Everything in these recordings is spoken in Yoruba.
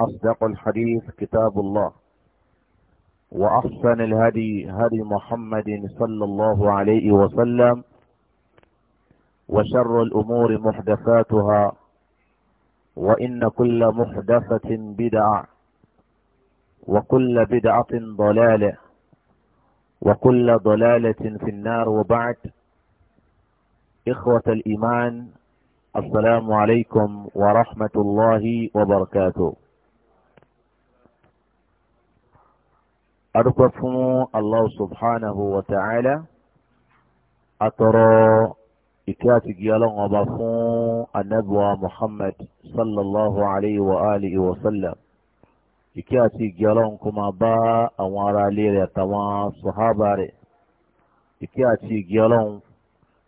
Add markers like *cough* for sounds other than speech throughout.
أصدق الحديث كتاب الله وأحسن الهدي هدي محمد صلى الله عليه وسلم وشر الأمور محدثاتها وإن كل محدثة بدعة وكل بدعة ضلالة وكل ضلالة في النار وبعد إخوة الإيمان السلام عليكم ورحمة الله وبركاته adúpẹ́ fún allah subhanahu wa ta'ala atọrọ ìkẹ́ àti gíga lọ́wọ́ ọba fún anabiwa muhammad sallallahu alayhi wa alihi wa sallam ìkẹ́ àti ìgẹ́ ọlọ́run kó máa bá àwọn ará ilé rẹ̀ àtàwọn sọ̀hábà rẹ̀ ìkẹ́ àti ìgẹ́ ọlọ́run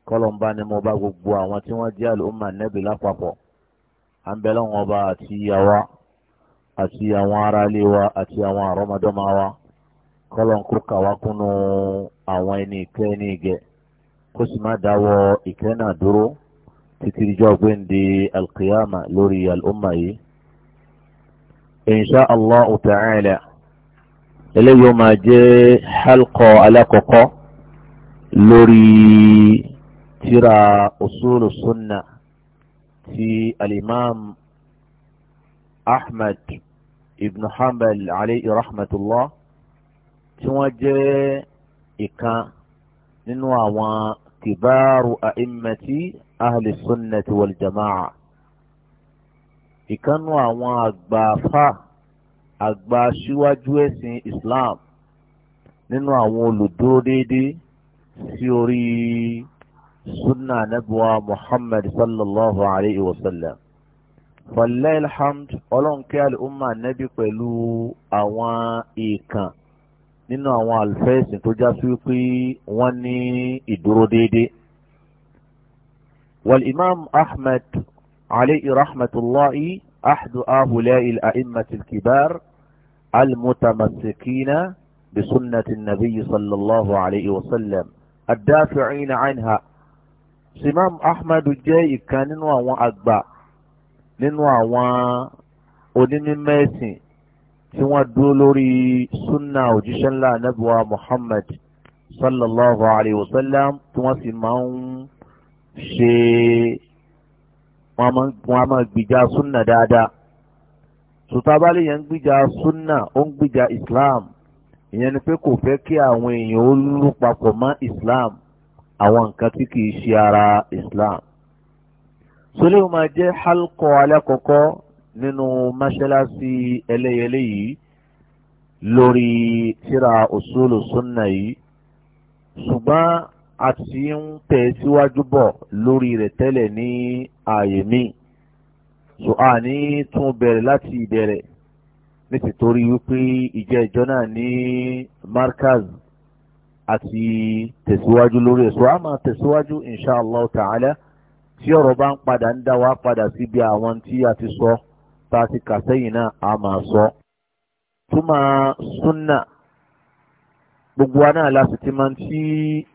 kọ́lọ́mbà ni mo bá gbogbo àwọn tí wọ́n jẹ́ àlùmọ́ nẹ́bì lápapọ̀ à ń bẹ àti ìyàwó àti àwọn ará ilé wa àti àwọn àrọ́mọdọ́mọ wa kọ́lọ́n kó kàwá kúnnú àwọn ẹni ìkẹ́ ẹni ìgẹ̀ kó sì má dáwọ́ ìkẹ́ náà dúró títí ìjọ gbẹ̀ǹde alqiyama lórí al'umma yìí. insha allah ta'ala eléyìí ó máa jẹ́ halqa alákọ̀ọ́kọ́ lórí tírà usulu sunna ti alimam ahmed ibn hanbal alayhi rahmatullah tí wọ́n jẹ́ ìkan nínú àwọn kìbáàrù àìmẹ̀tì ahli sunnati wal jama'a ìkànnù àwọn àgbàfà àgbà síwájú ẹ̀sìn Islam nínú àwọn olùdúró déédéé sí orí sunna anabiwa Muhammad sallallahu alayhi wa sallam falẹ́ alhamd ọlọ́run kí alẹ́ umma anabi pẹ̀lú àwọn ìkàn nínú àwọn àlùfẹ́ẹ̀sìn tó já sí wípé wọ́n ní ìdúró déédéé. wal imam ahmed alayhi rahmatulahi ahdu ahulẹ́il a'immatil kibar almutamasikina bisunnati nabiyyi sallallahu alayhi wa sallam adafi'ina anha. simam ahmed jẹ́ ìkan nínú àwọn àgbà nínú àwọn onímọ̀ tí wọ́n dúró lórí sunna òjíṣẹ́ ńlá anábìwá muhammad sallallahu alayhi wa sallam tí wọ́n sì máa ń ṣe wọ́n á máa gbìjà sunna dáadáa sùtàbálẹ̀ yẹn ń gbìjà sunna ó ń gbìjà islam ìyẹn ni pé kò fẹ́ kí àwọn èèyàn ó lù papọ̀ mọ́ islam àwọn nǹkan tí kì í ṣe ara islam. sọlẹ́ máa jẹ́ halkọ́ alẹ́ kọ̀ọ̀kan nínú mọ́ṣáláṣí ẹlẹ́yẹlé yìí lórí síra òṣòlù súnà yìí ṣùgbọ́n a ti ń tẹ̀ síwájú bọ̀ lórí rẹ̀ tẹ́lẹ̀ ní ààyè míì so a ní tún bẹ̀rẹ̀ láti ìbẹ̀rẹ̀ nítorí wípé ìjẹ́ ìjọ náà ní markaz àti tẹ̀síwájú lórí ẹ̀ so a máa tẹ̀síwájú insha Allah tí ọ̀rọ̀ bá ń padà ń dá wa padà síbi àwọn tí a ti sọ. So, tá a ti kà sẹ́yìn náà a máa sọ. túmọ̀ súnà gbogbo wa náà láti ti máa ń tí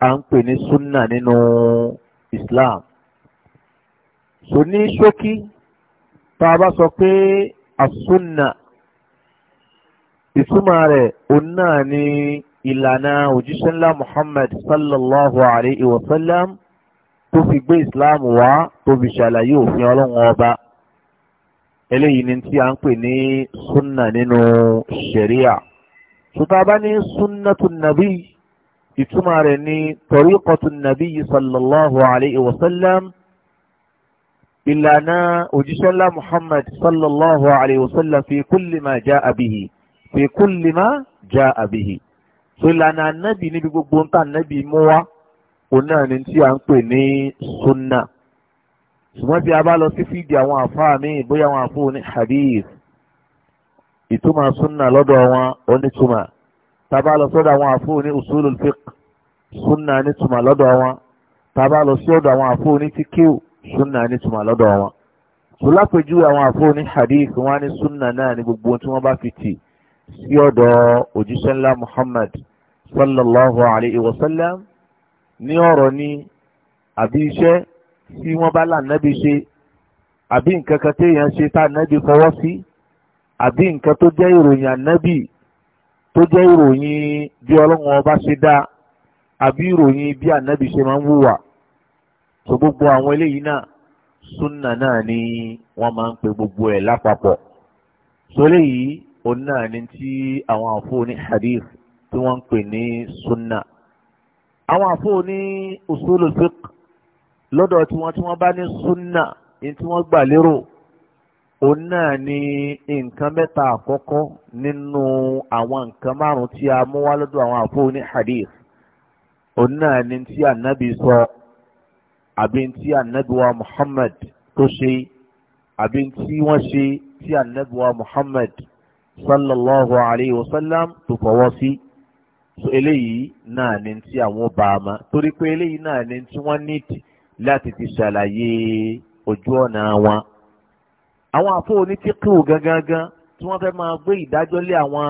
à ń pè ní súnà nínú Islam. sò ní ṣókí tá a bá sọ pé àsúnà ìtumọ̀ rẹ̀ òun náà ni ìlànà òjíṣẹ́ ńlá Muhammad sallallahu alayhi wa sallam tó fi gbé Islam wá tó fi ṣàlàyé òfin ọlọ́run ọba eléyìí ni tí a ń pè ní súnà nínú ṣẹ̀ríà ṣùgbọ́n bá ní súnnàtù nàbí ìtumọ̀ rẹ̀ ní tọ̀ríkọ̀tù nàbí sallallahu alayhi wa sallam ìlànà òjíṣẹ́lá muhammad sallallahu alayhi wa sallam fi kulli ma jaa bihi fi kulli ma jaa bihi so ìlànà nàbí níbi gbogbo ń tà nàbí mú wa òun náà ni tí a ń pè ní súnnà ṣùgbọ́n tí a bá lọ sí fídì àwọn àfáà míì bóyá àwọn àfóò ní hadith ìtumọ̀ sunna lọ́dọ̀ wọn onítùmọ̀ tá a bá lọ sọ́dọ̀ àwọn àfóò ní usulul fiqh sunna nítùmọ̀ lọ́dọ̀ wọn tá a bá lọ sọ́dọ̀ àwọn àfóò ní tikiu sunna nítùmọ̀ lọ́dọ̀ wọn. sùlápẹ̀jú àwọn àfóò ní hadith wọn ní sunna náà ní gbogbo tí wọ́n bá fi tì sí ọ̀dọ̀ òjíṣẹ́ ńlá Muhammad sallallahu alayhi wa sallam ní ọ̀rọ̀ ní àbí iṣẹ́ tí wọ́n bá là nábì ṣe àbí nǹkan kan téèyàn ṣe tá nábì fọwọ́ sí àbí nǹkan tó jẹ́ ìròyìn ànábì tó jẹ́ ìròyìn bí ọlọ́run ọba ṣe dá àbí ìròyìn bí ànábì ṣe máa ń wùwà tó gbogbo àwọn eléyìí náà súnà náà ni wọ́n máa ń pe gbogbo ẹ̀ lápapọ̀ sólè yìí òun náà ni tí àwọn àfọ ní hadith tí wọ́n ń pè ní súnà àwọn àfọ ní usulul lọ́dọ̀ tí wọ́n tí wọ́n bá ní súnà ní tí wọ́n gbà lérò òun náà ni nǹkan mẹ́ta àkọ́kọ́ nínú àwọn nǹkan márùn-ún tí a mú wá lọ́dọ̀ àwọn àfọwọ́ ní hadith òun náà ni tí ànábì sọ àbí tí ànábì wa Muhammad tó ṣe àbí tí wọ́n ṣe tí ànábì wa Muhammad sallallahu alayhi wa sallam tó fọwọ́ sí eléyìí náà ni tí àwọn bá a ma torí pé eléyìí náà ni tí wọ́n nídìí láti ti ṣàlàyé ojú ọ̀nà wọn. àwọn àfọ onítìkù gangan tí wọ́n fẹ́ máa gbé ìdájọ́ lé àwọn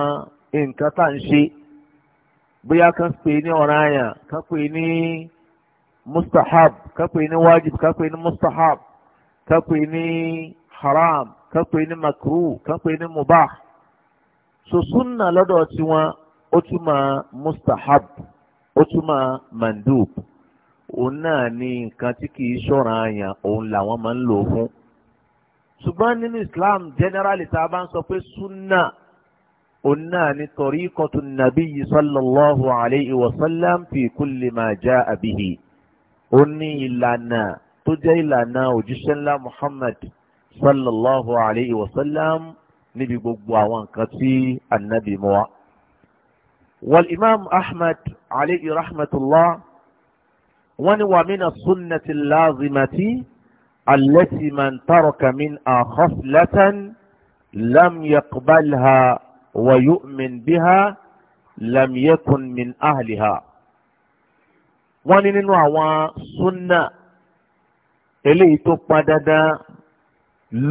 nǹkan tá à ń ṣe bóyá kan pè ní ọ̀ranyàn kan pè ní mustahab kan pè ní wajib kan pè ní mustahab kan pè ní haram kan pè ní makruh kan pè ní mubah so lọ́dọ̀ tiwọn ó túmọ̀ mustahab ó túmọ̀ mandub òun náà ni nǹkan tí kì í ṣọ̀ràn àyàn òun làwọn máa ń lò fún. ṣùgbọ́n nínú Islam generally tá a bá ń sọ pé sunna òun náà ni tariqatu nabiyyi sallallahu alayhi wa sallam fi kulli ma jaa bihi. ó ní ìlànà tó jẹ́ ìlànà òjíṣẹ́ ńlá Muhammad sallallahu alayhi wa sallam níbi gbogbo àwọn nǹkan tí ànábì mú wal imam Ahmad alayhi rahmatullah wọ́n ní wà mínà sunnati lazimati allati man taraka min akhaslatan lam yaqbalha wa yu'min biha lam yakun min ahliha. wọ́n ní nínú àwọn sunna eléyìí tó pa dandan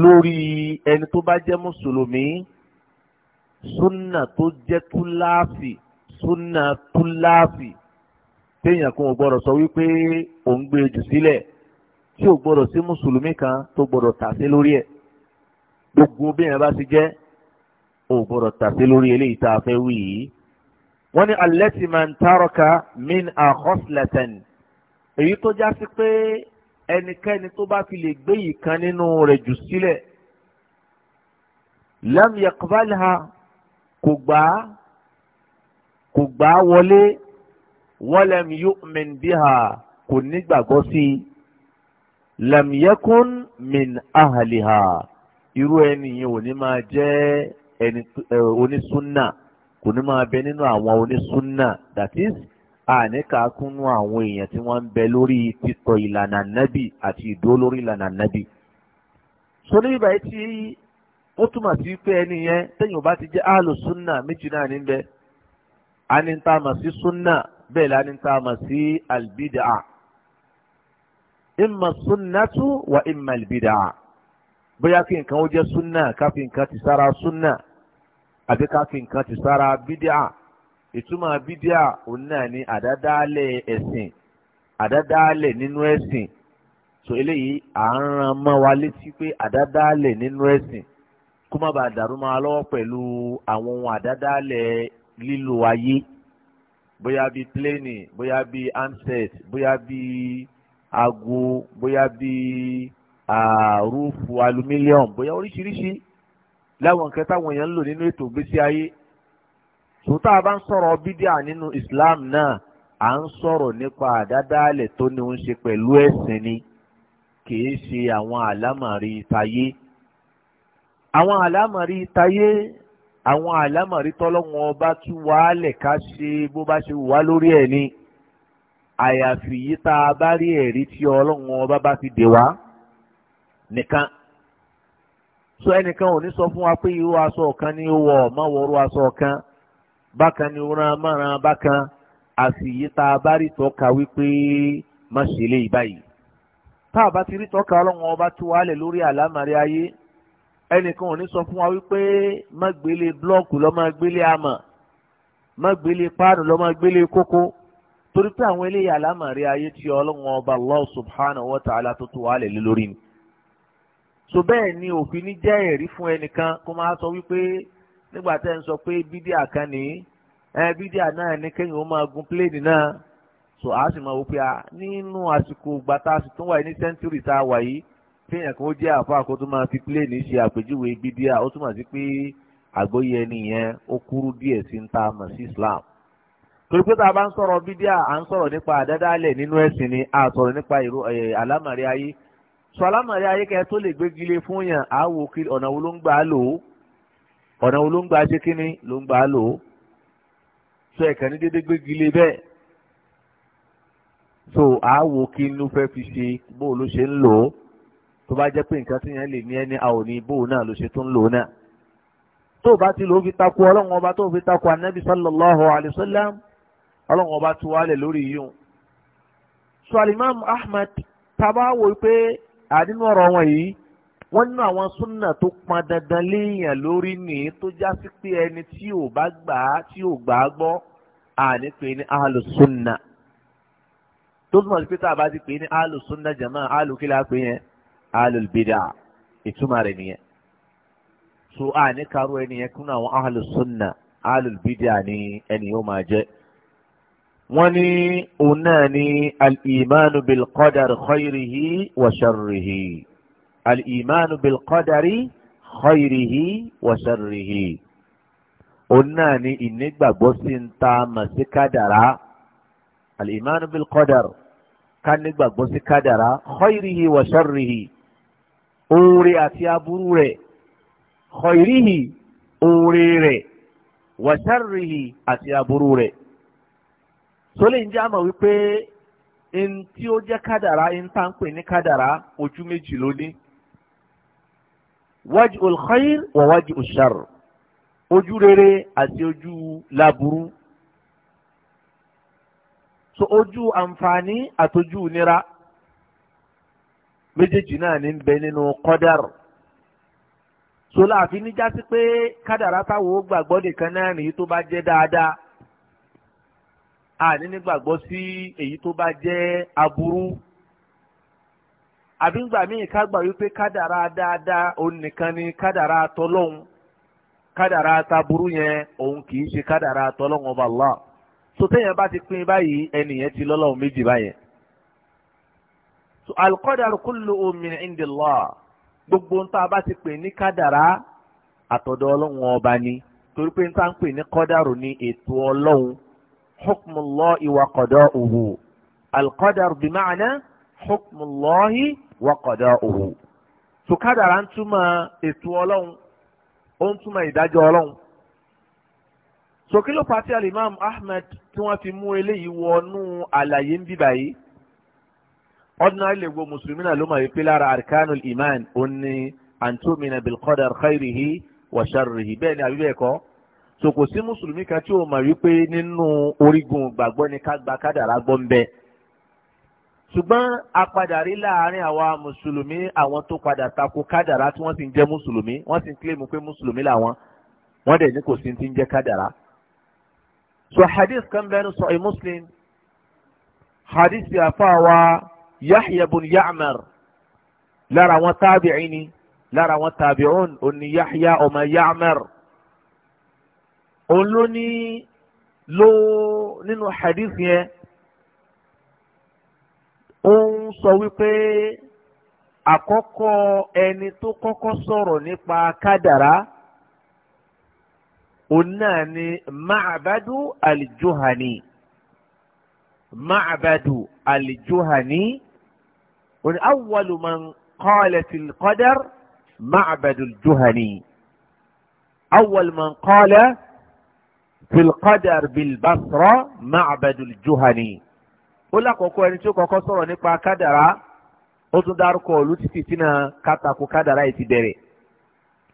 lórí ẹni tó bá jẹ́ mùsùlùmí sunna tó jẹ́ túláàfì sunna túláàfì téèyàn kan ò gbọ́dọ̀ sọ wípé òun gbé jù sílẹ̀ tí ò gbọ́dọ̀ sí mùsùlùmí kan tó gbọ́dọ̀ tàsé lórí ẹ̀ gbogbo bẹ́ẹ̀ bá ti jẹ́ ò gbọ́dọ̀ tàsé lórí eléyìí tá a fẹ́ wí yìí. wọ́n ní alẹ́tì máa ń tárọ́ka min ahoslatan èyí tó já sí pé ẹnikẹ́ni tó bá fi lè gbé ìkan nínú rẹ̀ jù sílẹ̀ lam yaqbalha kò gbà á kò gbà á wọlé walam yu'min biha kò nígbàgbọ́ sí i lam yakun min ahliha irú ẹni yẹn ò ní máa jẹ́ ẹni kò ní máa bẹ nínú àwọn onísúnà that is àníkàákúnú àwọn èèyàn tí wọ́n ń bẹ lórí títọ̀ ìlànà nábì àti ìdúró lórí ìlànà nábì. so ní ibà tí ó túmọ̀ sí pé ẹni yẹn tẹ̀yìn ò bá ti jẹ́ àlò méjì náà níbẹ̀ a sí súnà bẹ́ẹ̀ la ní tá a mọ̀ sí albidaa imma sunnatu wa imma albidaa bóyá kí nǹkan ó jẹ́ sunna ká fi nǹkan ti sára sunna àbí ká fi nǹkan ti sára bidaa ìtumọ̀ bídíà òun náà ni àdádálẹ̀ ẹ̀sìn àdádálẹ̀ nínú ẹ̀sìn so eléyìí à ń ran mọ́ wa létí pé àdádálẹ̀ nínú ẹ̀sìn kó má bàa dàrú máa lọ́wọ́ pẹ̀lú àwọn ohun àdádálẹ̀ lílo ayé bóyá bí pléènì bóyá bí handset bóyá bí aago bóyá bí rúùfù alumílíọ̀mù bóyá oríṣiríṣi láwọn nǹkan táwọn èèyàn ń lò nínú ètò ìgbésí ayé sòtá a bá ń sọ̀rọ̀ bídíà nínú Islam náà à ń sọ̀rọ̀ nípa àdádálẹ̀ tó ní ń ṣe pẹ̀lú ẹ̀sìn ni kìí ṣe àwọn àlámọ̀rí tayé àwọn àlámọ̀rí tayé àwọn àlámọ̀rí tọ́lọ́wọ́n ọba tú wàhálẹ̀ ká ṣe bó bá ṣe wà lórí ẹ̀ ni àyàfi yìí tá a bá rí ẹ̀rí tí ọlọ́run ọba bá fi dè wá nìkan sọ ẹnìkan ò ní sọ fún wa pé irú aṣọ ọ̀kan ni ó wọ̀ má wọ̀rú aṣọ ọ̀kan bákan ni ran mọ́ran bákan àfi yìí tá a bá rí tọ́ka wípé má ṣe lè báyìí tá a bá ti rí tọ́ka ọlọ́run ọba tú wàhálẹ̀ lórí àlámọ̀rí ayé ẹnìkan ò ní sọ fún wa wípé má gbélé blọ́ọ̀kù lọ́ máa gbélé amọ̀ má gbélé páànù lọ máa gbélé kókó torí pé àwọn eléyìí àlámàrí ayé tí ọlọ́run ọba Allah subhanahu wa ta'ala tó tó wàhálẹ̀ lé lórí ni. so bẹ́ẹ̀ ni òfin ní jẹ́ ẹ̀rí fún ẹnìkan kó máa sọ wípé nígbà tẹ́ ń sọ pé bídíà kan ní ẹ bídíà náà ní kéyìn ó máa gun pléènì náà so àá sì máa wò pé nínú àsìkò gbàtà àsìkò wáyé ní sẹ́ńtúrì tá a wà yìí kéèyàn kan ó jẹ́ àfa kó tó máa fi pléènì ṣe àpèjúwe bídíà ó túmọ̀ sí pé àgbóyè ẹni yẹn ó kúrú díẹ̀ sí ń ta mọ̀ sí Islam torí pé tá a bá ń sọ̀rọ̀ bídíà à ń sọ̀rọ̀ nípa àdádálẹ̀ nínú ẹ̀sìn ni a sọ̀rọ̀ nípa àlámàrí ayé sọ àlámàrí ayé kẹ́ tó lè gbégilé fún yàn á wò kí ọ̀nà wo ló ń gbà á lò ó ọ̀nà wo ló ń gbà á ṣe kíní so a wò kí ló fẹ́ fi ṣe bó ló ṣe ń lò ó tó bá jẹ́ pé nǹkan tí yẹn lè ní ẹni a ò ní bò náà ló ṣe tó ń lò náà tó o bá ti lò ó fi takò ọlọ́run ọba tó o fi takò anabi sallallahu alayhi wa sallam ọlọ́run ọba tó wálẹ̀ lórí yíyún. sọ alimami ahmed taba wo pé àdínú ọ̀rọ̀ wọn yìí wọ́n nínú àwọn súnà tó pọn dandan léèyàn lórí ní tó já sí pé ẹni tí ò bá gbà á tí ò gbà á gbọ́ àní pé ní alùsùnà tó túmọ̀ sí pé tá a bá ti pè ní alùsùnà jàmáà alùkílà pé yẹn alul bid'a ìtumọ̀ rẹ̀ nìyẹn so a ní karo ẹni yẹn kúnú àwọn ahlus sunna alul bid'a ni ẹni yóò máa jẹ́ wọ́n ní òun náà ní al-imanu bil qadari khayrihi wa sharrihi al bil qadari khayrihi wa sharrihi òun náà ní ìnígbàgbọ́ sí ta mọ̀ sí kádàrá al bil qadari ká nígbàgbọ́ sí kádàrá khayrihi wa sharrihi oore àti aburú rẹ̀ khairihi oore rẹ̀ wa sharrihi àti aburú rẹ̀ sólè ń jẹ́ àmọ̀ wípé ẹni tí ó jẹ́ kádàrá ẹni tá à ń pè ní kádàrá ojú méjì ló ní wajhul khair wa wajhush ojú rere àti ojú laburú so ojú àǹfààní àtojú nira méjèèjì náà ní bẹ nínú kọ́dàrù sola àfi níjà sí pé kádàrá táwọn gbàgbọ́ nìkan náà nìyí tó bá jẹ́ dáadáa àní nígbàgbọ́ sí èyí tó bá jẹ́ aburú àbí ńgbà míì ká gbà wípé kádàrá dáadáa òun nìkan ni kádàrá tọlọ́hun kádàrá taburú yẹn òun kì í ṣe kádàrá tọlọ́hun ọba Allah sotẹ́yìn bá ti pín báyìí ẹnìyẹn ti lọ́lọ́hun méjì báyẹn so alukọ́dàrú kullu min indillah gbogbo ń tá a bá ti pè ní kádàrá àtọ̀dọ̀ ọlọ́run ọba ni torí pé ń tá a ń pè ní kọ́dàrú ní ètò ọlọ́run hukmullahi wa qada'uhu alukọ́dàrú bí ma'ana hukmullahi wa qada'uhu so kádàrá ń ètò ọlọ́run ó ń túmọ̀ so kí ló pàtí alimami Ahmed tí wọ́n fi mú eléyìí wọnú àlàyé ń bíbáyìí ordinary lè wo mùsùlùmí náà ló mọ̀ wípé lára arkanul iman ó ní antumina bilqadar khairihi wa sharrihi bẹ́ẹ̀ ni àbí bẹ́ẹ̀ kọ́ so kò sí mùsùlùmí kan tí ó mọ̀ wípé nínú orígun gbàgbọ́ ni ká gba kádàrá gbọ́ ń bẹ ṣùgbọ́n a padà rí láàárín àwa mùsùlùmí àwọn tó padà tako kádàrá tí wọ́n sì ń jẹ́ mùsùlùmí wọ́n sì ń kílèmù pé mùsùlùmí làwọn wọ́n dẹ̀ ní kò sí ti ń jẹ́ kádàrá. so hadith kan bẹ́ẹ̀ ni sọ ẹ́ muslim hadith yà fà wá yahya bun ya'mar lára wọn tábìí ni lára wọn tàbíùn òní yahya ọmọ ya'mar òun ló ní ló nínú hadith yẹn ó sọ wípé àkọ́kọ́ ẹni tó kọ́kọ́ sọ̀rọ̀ nípa kádàrá òun náà ni ma'abadu al ma'abadu al-juhani òní awwalu man qala fil qadar ma'badul juhani awwalu man qala fil qadar bil basra ma'badul juhani. ó lákòókò ẹni tí ó kọ́kọ́ sọ̀rọ̀ nípa kádàrá ó tún dárúkọ òlu títí sínú kátàkù kádàrá yìí ti bẹ̀rẹ̀.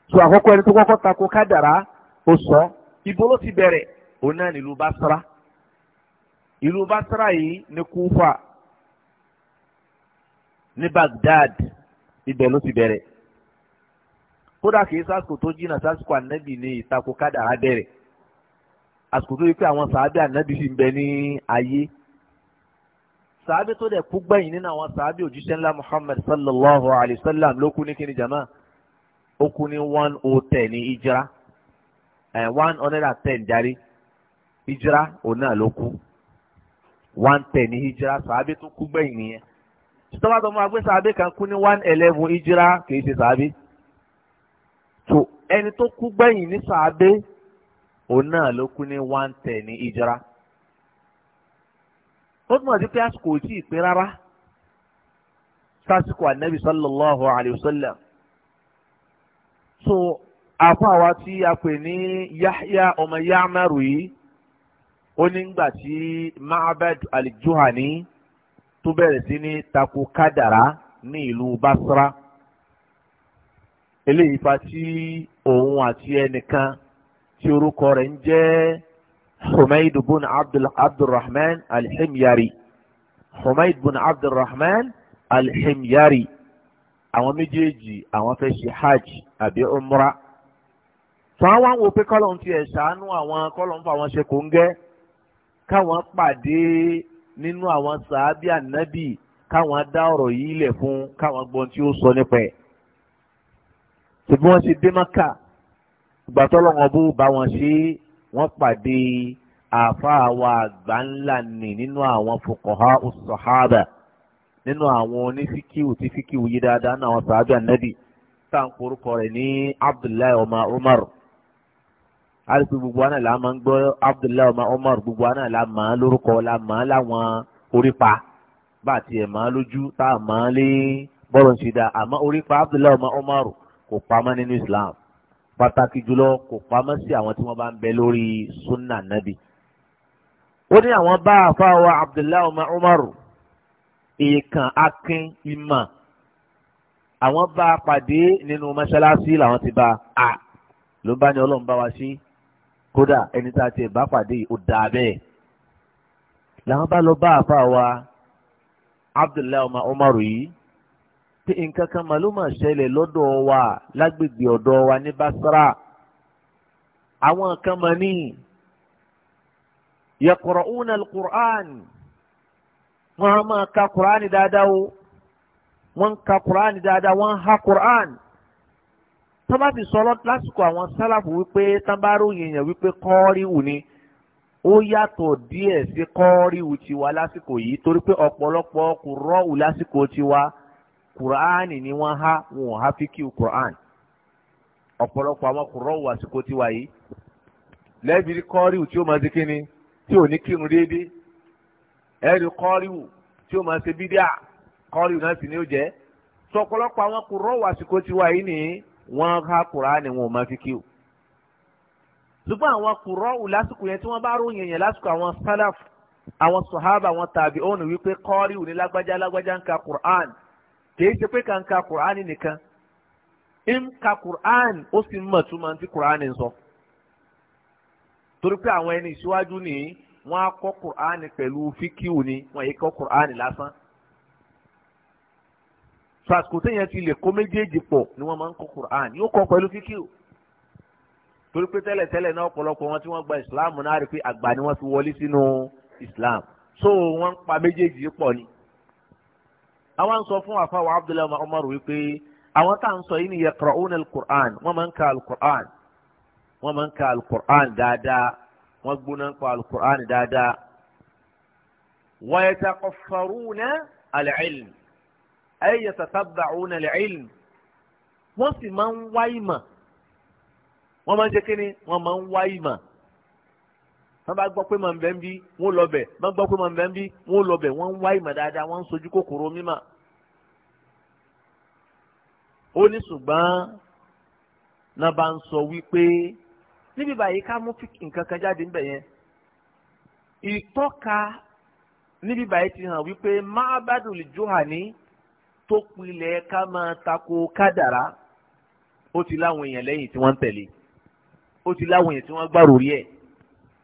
so àkọ́kọ́ ẹni tó kọ́kọ́ takò kádàrá ó sọ ibo ló ti bẹ̀rẹ̀ òun náà nílùú Basra ìlú Basra yìí ní Kúfà ní Baghdad ibẹ̀ ló ti bẹ̀rẹ̀ kódà kìí sásìkò tó jìnnà sásìkò ànábì ní ìtako kádàrá bẹ̀rẹ̀ àsìkò tó yẹ pé àwọn sàábì ànábì sì ń bẹ ní ayé sàábì tó dẹ̀ kú gbẹ̀yìn nínú àwọn sàábì òjíṣẹ́ ńlá Muhammad sallallahu alayhi wa sallam ló kú ní kíni jama ó kú ní one oh ten ní ìjìrá one hundred and ten járí ìjìrá òun náà ló kú one ten ní ìjìrá sàábì tó kú gbẹ̀yìn nìyẹn tọ́wọ́ sọ fún wa pé sàbẹ̀ kan kú ní one eleven ìjìrá kìí ṣe sàbẹ̀ tó ẹni tó kú gbẹ̀yìn ní sàbẹ̀ òun náà ló kú ní one ten ní ìjìrá ó túmọ̀ sí pé àsìkò ò tí pé rárá sásìkò ànábì sallallahu alayhi wa sallam so àfáà wa tí a pè ní Yahya ọmọ Ya'maru yìí ó nígbà tí Ma'bad al tó bẹ̀rẹ̀ sí ní tako kádàrá ní ìlú Basra eléyìí fa tí òun àti ẹnìkan tí orúkọ rẹ̀ ń jẹ́ Humaid bun Abdulrahman al Humaid bun Abdulrahman al-Himyari àwọn méjèèjì àwọn fẹ́ ṣe hajj àbí umra fún wa wo pé kọ́lọ̀ ń tiẹ̀ ṣàánú àwọn kọ́lọ̀ ń fa àwọn ṣe kò ń gẹ́ káwọn pàdé nínú àwọn sàábì ànábì káwọn dá ọ̀rọ̀ yìí lẹ̀ fún káwọn gbọ́n tí ó sọ nípa ẹ̀. ṣùgbọ́n wọ́n ṣe dé maka ìgbà tọ́lọ́wọ́n bó bá wọn ṣe wọ́n pàdé àáfàá wa àgbà ńlá nì nínú àwọn fòkànhá ọ̀sọ̀hábà nínú àwọn onífíkìwù tí fíkìwù yìí dáadáa náà àwọn sàábì ànábì táà korúkọ rẹ̀ ní Abdullahi ọmọ Umar àríkú gbogbo àná là máa ń gbọ́ Abdullahi ọmọ Umar gbogbo àná là máa lórúkọ là máa láwọn orípa bá tiẹ̀ máa lójú tá a máa lé bọ́ọ̀lù ṣe dá àmọ́ orípa Abdullahi ọmọ Umar kò pamọ́ nínú Islam pàtàkì jùlọ kò pamọ́ sí àwọn tí wọ́n bá ń bẹ lórí sunna nabi ó ní àwọn bá àfáwà Abdullahi ọmọ èèkàn akin ìmọ̀ àwọn bá a pàdé nínú mọ́ṣáláṣí làwọn ti bá a ló bá ní ọlọ́run bá wa ṣe kódà ẹni tá a ti bá pàdé ò dáa bẹ́ẹ̀ làwọn bá lọ bá àfa wa Abdullahi ọmọ Umaru yìí pé nǹkan kan mà ló mà ṣẹlẹ̀ lọ́dọ̀ wa lágbègbè ọ̀dọ̀ wa ní Basra àwọn kan mà ní yaqra'una al-Qur'an wọ́n á máa ka Qur'an dáadáa o ka Qur'an dáadáa wọ́n ha Qur'an tó bá ti sọ lásìkò àwọn sálàfù wípé tábàròyìn èèyàn wípé kọ́ọ́ríwù ni ó yàtọ̀ díẹ̀ sí kọ́ọ́ríwù tiwa lásìkò yìí torí pé ọ̀pọ̀lọpọ̀ kùrọ́ọ̀wù lásìkò tiwa kùránì ni wọ́n há wọn ò há fi kí kùránì ọ̀pọ̀lọpọ̀ àwọn kùrọ́ọ̀wù àsìkò tiwa yìí lẹ́bìrì kọ́ọ́ríwù tí ó máa di kíni tí ò ní kírun déédéé ẹ̀rí kọ́ọ́ríwù tí ó máa ṣe bídíà kọ́ọ́ríwù náà sì ni ó jẹ́ sọ̀pọ̀lọpọ̀ àwọn kùrọ́ọ̀wù àsìkò tiwa yìí nìyí wọ́n há kùránì wọn ò máa fi kí o. ṣùgbọ́n àwọn kùrọ́ọ̀ù lásìkò yẹn tí wọ́n bá ròyìn yẹn lásìkò àwọn sálàf àwọn sọ̀hábà àwọn tàbí òun wípé kọ́ọ́rì òní lágbájá lágbájá ń ka kùrán kìí ṣe pé kà ń ka kùrán nìkan ń ka kùrán ó sì ń mọ̀ tó máa ń ti kùrán sọ. torí pé àwọn ẹni ìṣíwájú nìyí á ni yìí lásán sàkó téèyàn ti lè kó méjèèjì pọ̀ ni wọ́n máa ń kó Quran yóò kọ́ pẹ̀lú fíkìú torí pé tẹ́lẹ̀tẹ́lẹ̀ náà ọ̀pọ̀lọpọ̀ wọn tí wọ́n gba Islam náà rí pé àgbà ni wọ́n fi wọlé sínú Islam so wọ́n ń pa méjèèjì pọ̀ ni. àwọn ń sọ fún àfàwọ̀ Abdullahi Umar wípé àwọn tá à ń sọ yìí ni yaqra'una al-Qur'an wọ́n máa ń ka al wọ́n máa ń ka al dáadáa wọ́n gbóná ń pa al dáadáa wa ay yatattaba'una al-ilm wọ́n sì máa ń wá ìmọ̀ wọ́n máa ń ṣe kínní wọ́n máa ń wá ìmọ̀ wọ́n bá gbọ́ pé màá bẹ́ẹ̀ ń bí wọ́n lọ bẹ̀ wọ́n gbọ́ pé màá bẹ́ẹ̀ ń bí wọ́n lọ bẹ̀ wọ́n ń wá ìmọ̀ dáadáa wọ́n ń sojú kòkòrò mímọ̀ ó ní ṣùgbọ́n náà bá ń sọ wípé níbi báyìí ká mú nǹkan kan jáde níbẹ̀ yẹn ìtọ́ka níbi báyìí ti hàn wípé máa bá dùn lè jó hàn ní tó pilẹ̀ ká máa tako kádàrá ó ti láwọn èèyàn lẹ́yìn tí wọ́n ń tẹ̀lé ó ti láwọn èèyàn tí wọ́n gbàrò rí ẹ̀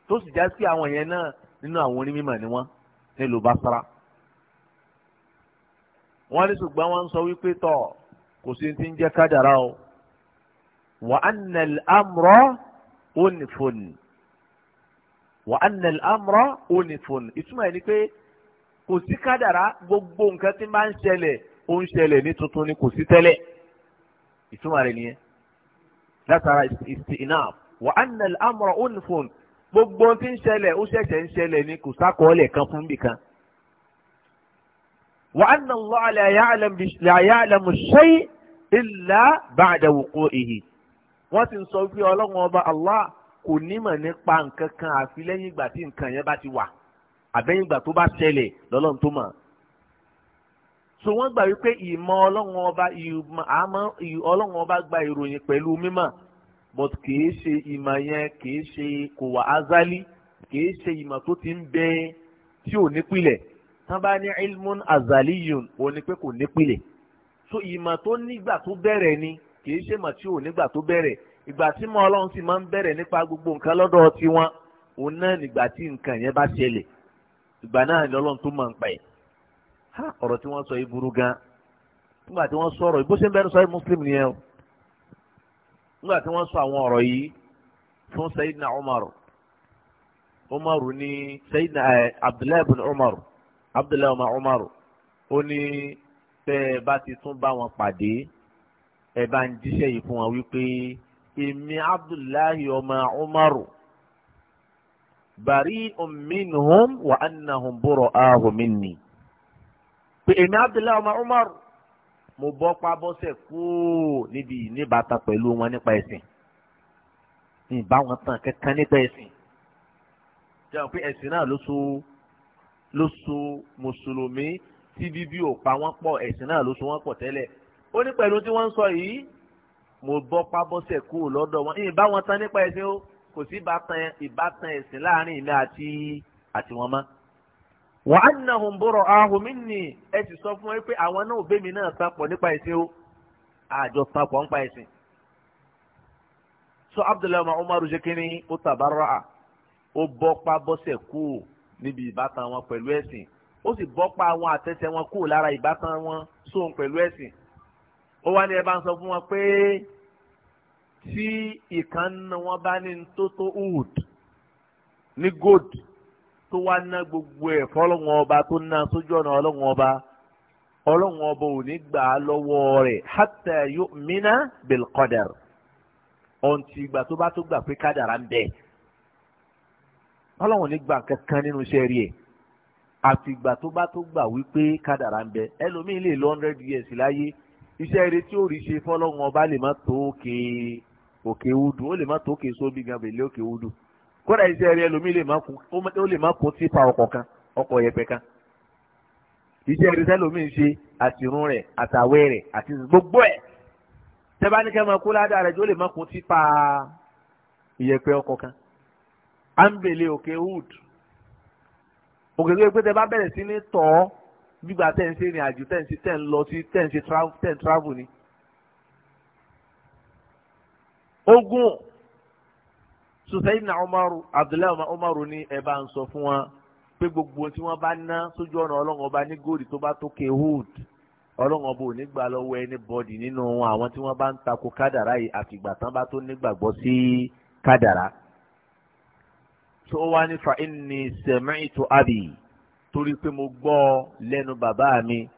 tó sì já sí àwọn èèyàn náà nínú àwọn onímọ̀ ni wọ́n nílùú Basra. wọ́n ní ṣùgbọ́n wọ́n ń sọ wípé tọ̀ kò sí ti ń jẹ́ kádàrá o wa anna al-amra unfun wa anna al-amra unfun ìtumọ̀ ẹ̀ ni pé kò sí kádàrá gbogbo nǹkan tí máa ń ṣẹlẹ̀ ó ń ṣẹlẹ̀ ní tuntun ni kò sí tẹ́lẹ̀ ìtumọ̀ rẹ̀ nìyẹn látara istinab wa anna al-amra unfun gbogbo tí ń ṣẹlẹ̀ ó ṣẹ̀ṣẹ̀ ń ṣẹlẹ̀ ni kò sákọọ́lẹ̀ kan fún bì kan. wa anna Allah la ya'lam la ya'lamu shay illa ba'da wuqu'ihi. wọ́n ti sọ pé ọlọ́run ọba Allah kò nímọ̀ nípa nǹkan kan àfi lẹ́yìn ìgbà tí nǹkan yẹn bá ti wà àbẹ́yìn ìgbà tó bá ṣẹlẹ̀ lọ́lọ́run tó mọ̀ so wọ́n gbà wípé ìmọ̀ ọlọ́run ọba àmọ́ ọlọ́run ọba gba ìròyìn pẹ̀lú mímọ̀ but kìí ṣe ìmọ̀ yẹn kìí ṣe kò wà azali kìí ṣe ìmọ̀ tó ti ń bẹ tí ò nípìlẹ̀ tán bá ní ilmun azaliyun ò ní pé kò nípìlẹ̀ so ìmọ̀ tó nígbà tó bẹ̀rẹ̀ ni kìí ṣe ìmọ̀ tí ò nígbà tó bẹ̀rẹ̀ ìgbà tí mọ ọlọ́run sì máa ń bẹ̀rẹ̀ nípa gbogbo nǹkan lọ́dọ̀ tiwọn òun náà nígbà tí nǹkan yẹn bá ṣẹlẹ̀ ìgbà náà ni ọlọ́run tó máa ń pa ẹ̀ ha ọ̀rọ̀ tí wọ́n sọ yìí burú gan nígbà tí wọ́n sọ̀rọ̀ bó ṣe ń bẹ́ẹ̀ muslim nìyẹn o nígbà tí wọ́n sọ àwọn ọ̀rọ̀ yìí fún sayidina umar umar ní sayidina eh, abdullahi bin umar abdullahi bin umar ó ní tẹ́ ẹ bá ti tún bá wọn pàdé ẹ fún wọn wípé èmi abdullahi ọmọ umar bari minhum wa annahum pé èmi abdullahi ọmọ umar mo bọ́ pa bọ́sẹ̀ kúò níbi ìníbàtà pẹ̀lú wọn nípa ẹ̀sìn ní ìbáwọn tàn kankan nípa ẹ̀sìn jẹun pé ẹ̀sìn náà ló so ló so mùsùlùmí tí bíbí ò pa wọ́n pọ̀ ẹ̀sìn náà ló so wọ́n pọ̀ tẹ́lẹ̀ ó ní pẹ̀lú tí wọ́n ń sọ yìí mo bọ́ pa bọ́sẹ̀ kúò wọn ní ìbáwọn tàn nípa ẹ̀sìn o kò sí ìbátan ẹ̀sìn láàrin ìlú àti àti wọn mọ́ wa annahum bura'ahu minni ẹ sì sọ fún ẹ pé àwọn náà bẹ́mi náà papọ̀ nípa ẹ̀sìn o àjọ papọ̀ nípa ẹ̀sìn. sọ abdullahi ma umaru ṣe kínní ó tàbárà ó bọ́sẹ̀ kú níbi ìbátan wọn pẹ̀lú ẹ̀sìn ó sì bọ́pá àwọn àtẹ̀sẹ̀ wọn kú lára ìbátan wọn sóhun pẹ̀lú ẹ̀sìn. ó wá ní ẹ bá ń sọ fún wọn pé tí ìkànnì wọn bá ní tó tó ní gold tó wá ná gbogbo ẹ̀ fọlọ́wọ́n ọba tó ná sójú ọ̀nà ọlọ́wọ́n ọba ọlọ́wọ́n ọba ò ní gbà á lọ́wọ́ rẹ̀ hatta yu'mina bil qadar ọ̀ǹtì ìgbà tó bá tó gbà pé kádàrá ń bẹ ọlọ́wọ́n ò ní gbà kankan nínú iṣẹ́ rí ẹ̀ àfìgbà tó bá tó gbà wípé kádàrá ń bẹ ẹlòmíín lè lọ hundred years láyé iṣẹ́ rẹ̀ tí ó rí ṣe fọlọ́wọ́n ọba lè má tó òkè òkè wúdù ó lè má tó òkè sóbì kódà iṣẹ́ rẹ ẹlòmíì lè má kún ó lè má kún tipa ọkọ̀ kan ọkọ̀ yẹpẹ kan iṣẹ́ rẹ ẹlòmíì ń ṣe àtìrún rẹ̀ àtàwẹ̀ rẹ̀ àti gbogbo ẹ̀ tẹ́bánikẹ́ máa kú ládàá rẹ̀ jọ lè má kún tipa ìyẹpẹ ọkọ̀ kan ámbèlè òkè wood òkè tó yẹ pé tẹ bẹ̀rẹ̀ sí ní tọ̀ gbígbà tẹ̀ ń ṣe ìrìn àjò tẹ̀ ń ṣe tẹ̀ ń lọ sí tẹ̀ ń ṣe tẹ̀ ń travel ni. ogun sọsẹ́yìn náà ọmọrù abdullahi ọmọrù ní ẹ bá ń sọ fún wọn pé gbogbo tí wọ́n bá ná sójú ọ̀nà ọlọ́run ọba ní góòlì tó bá tó kehud ọlọ́run ọba ò ní gbà lọ́wọ́ ẹni bọ́dì nínú àwọn tí wọ́n bá ń takò kádàrá yìí àfìgbà tán bá tó nígbàgbọ́ sí kádàrá. tó wá ní fa inni sami'tu abi torí pé mo gbọ́ lẹ́nu bàbá mi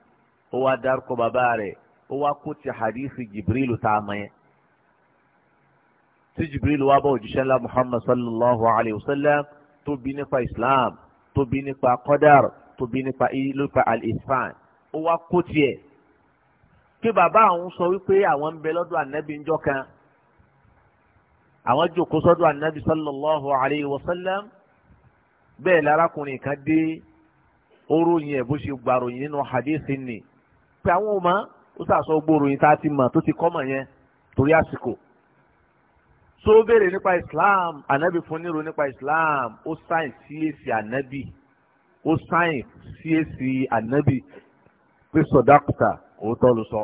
ó wá dárúkọ bàbá rẹ̀ ó wá kó ti hadisi jibril tá a mọ̀ yẹn tí jibril wá bá òjíṣẹ́ ńlá muhammad sallallahu alayhi wa sallam tó bi nípa islam tó bi nípa qadar tó bi nípa ilúpa al-ihsan ó wá kó tiẹ̀ kí bàbá àwọn sọ wípé àwọn ń bẹ lọ́dọ̀ ànábì ńjọ́ kan àwọn jòkó sọ́dọ̀ ànábì sallallahu alayhi wa sallam bẹ́ẹ̀ lárakùnrin kan dé oróyìn ẹ̀ bó ṣe gbàròyìn nínú hadithi ni pé àwọn ọmọ ó sàsọ gbòòròyìn tá a ti mọ̀ tó ti kọ́ mọ̀ yẹn torí àsìkò so ó béèrè nípa islam anabi fún níro nípa islam ó sáìn sí èsì anabi ó sáìn sí èsì anabi pé sọdákùtà òótọ́ ló sọ.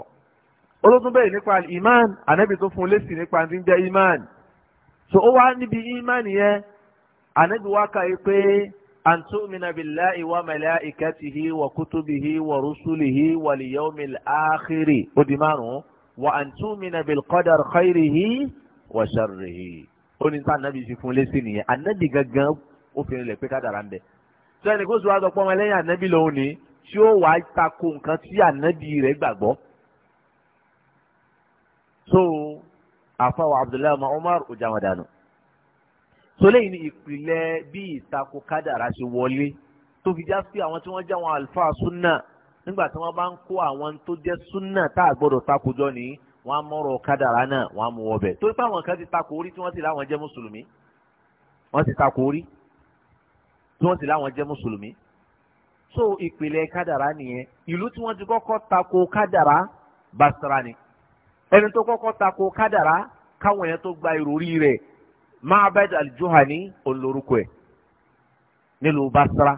ó ló tún béèrè nípa iman anabi tó fún lésì nípa ti jẹ́ iman so ó wá níbi iman yẹn anabi wá ka yìí pé an tu'mina billahi wa malaikatihi wa kutubihi wa rusulihi wal yawmil akhiri ó márùn-ún wa an tu'mina bil qadar wa sharrihi ó ní sáà nàbì fi fún lẹ́sìn nìyẹn ànábì gangan ó fi rìn lẹ̀ pé kádàrá ń bẹ tó ẹnì kó sọ wá sọ pé ọmọ ẹlẹ́yìn ànábì lòun ni tí ó wàá tako nǹkan tí ànábì rẹ̀ gbàgbọ́. so àfàwọ̀ abdullahi ma umar ojàmọ̀ dànù so lẹ́yìn ní ìpìlẹ̀ bí ìtako kádàrá ṣe wọlé tó fi já sí àwọn tí wọ́n jẹ́ àwọn àlùfáà súnà nígbà tí wọ́n bá ń kó àwọn tó jẹ́ súnà tá a takojọ́ nìyí wọ́n á mọ̀rọ̀ kádàrá náà wọ́n á mú wọ́n bẹ̀ torí pé àwọn kan ti takò orí tí wọ́n sì láwọn jẹ́ mùsùlùmí wọ́n ti takò orí tí wọ́n sì láwọn jẹ́ mùsùlùmí so ìpìlẹ̀ kádàrá nìyẹn ìlú tí wọ́n ti kọ́kọ́ takò kádàrá Basra ni ẹni tó kọ́kọ́ takò kádàrá káwọn yẹn tó gba ìròrí rẹ̀ Ma'bad al-Juhani olórúkọ ẹ̀ nílùú Basra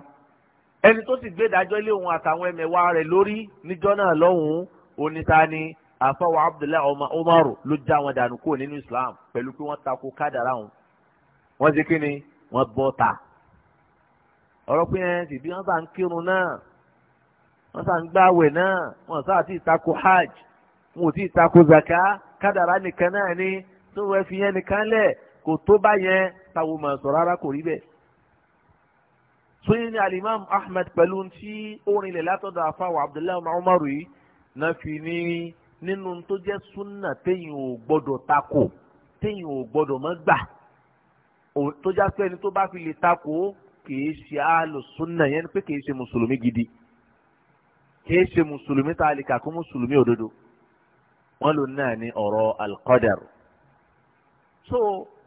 ẹni tó sì gbé ìdájọ́ ilé òun àtàwọn ẹmẹ̀wà rẹ̀ lórí níjọ́ náà lọ́hùn-ún àfọwọ́ abdullahi umaru ló já wọn dànù kúrò nínú islam pẹ̀lú pé wọ́n takò kádàrá wọn wọ́n ṣe kí ni wọ́n bọ́ ta ọ̀rọ̀ pé ẹ sì bí wọ́n sà ń kírun náà wọ́n sà ń gbàwẹ̀ náà wọ́n sà ti takò hajj wọn ò ti takò zaka kádàrá nìkan náà ni tó wẹ́ fi yẹn nìkan lẹ̀ kò tó bá yẹn táwọn mọ̀ sọ rárá kò rí bẹ́ẹ̀ sóyún ní alimam ahmed pẹ̀lú ti orin lẹ̀ látọ̀dọ̀ afáwọ̀ abdullahi umaru yìí náà fi ní nínú tó jẹ́ súnà téyìn ò gbọ́dọ̀ takò téyìn ò gbọ́dọ̀ mọ́ gbà tó já pé ẹni tó bá fi lè takò kìí ṣe àlò súnà yẹn pé kìí ṣe mùsùlùmí gidi kìí ṣe mùsùlùmí tá a lè kà kó mùsùlùmí òdodo wọn lò náà ní ọ̀rọ̀ alqadar so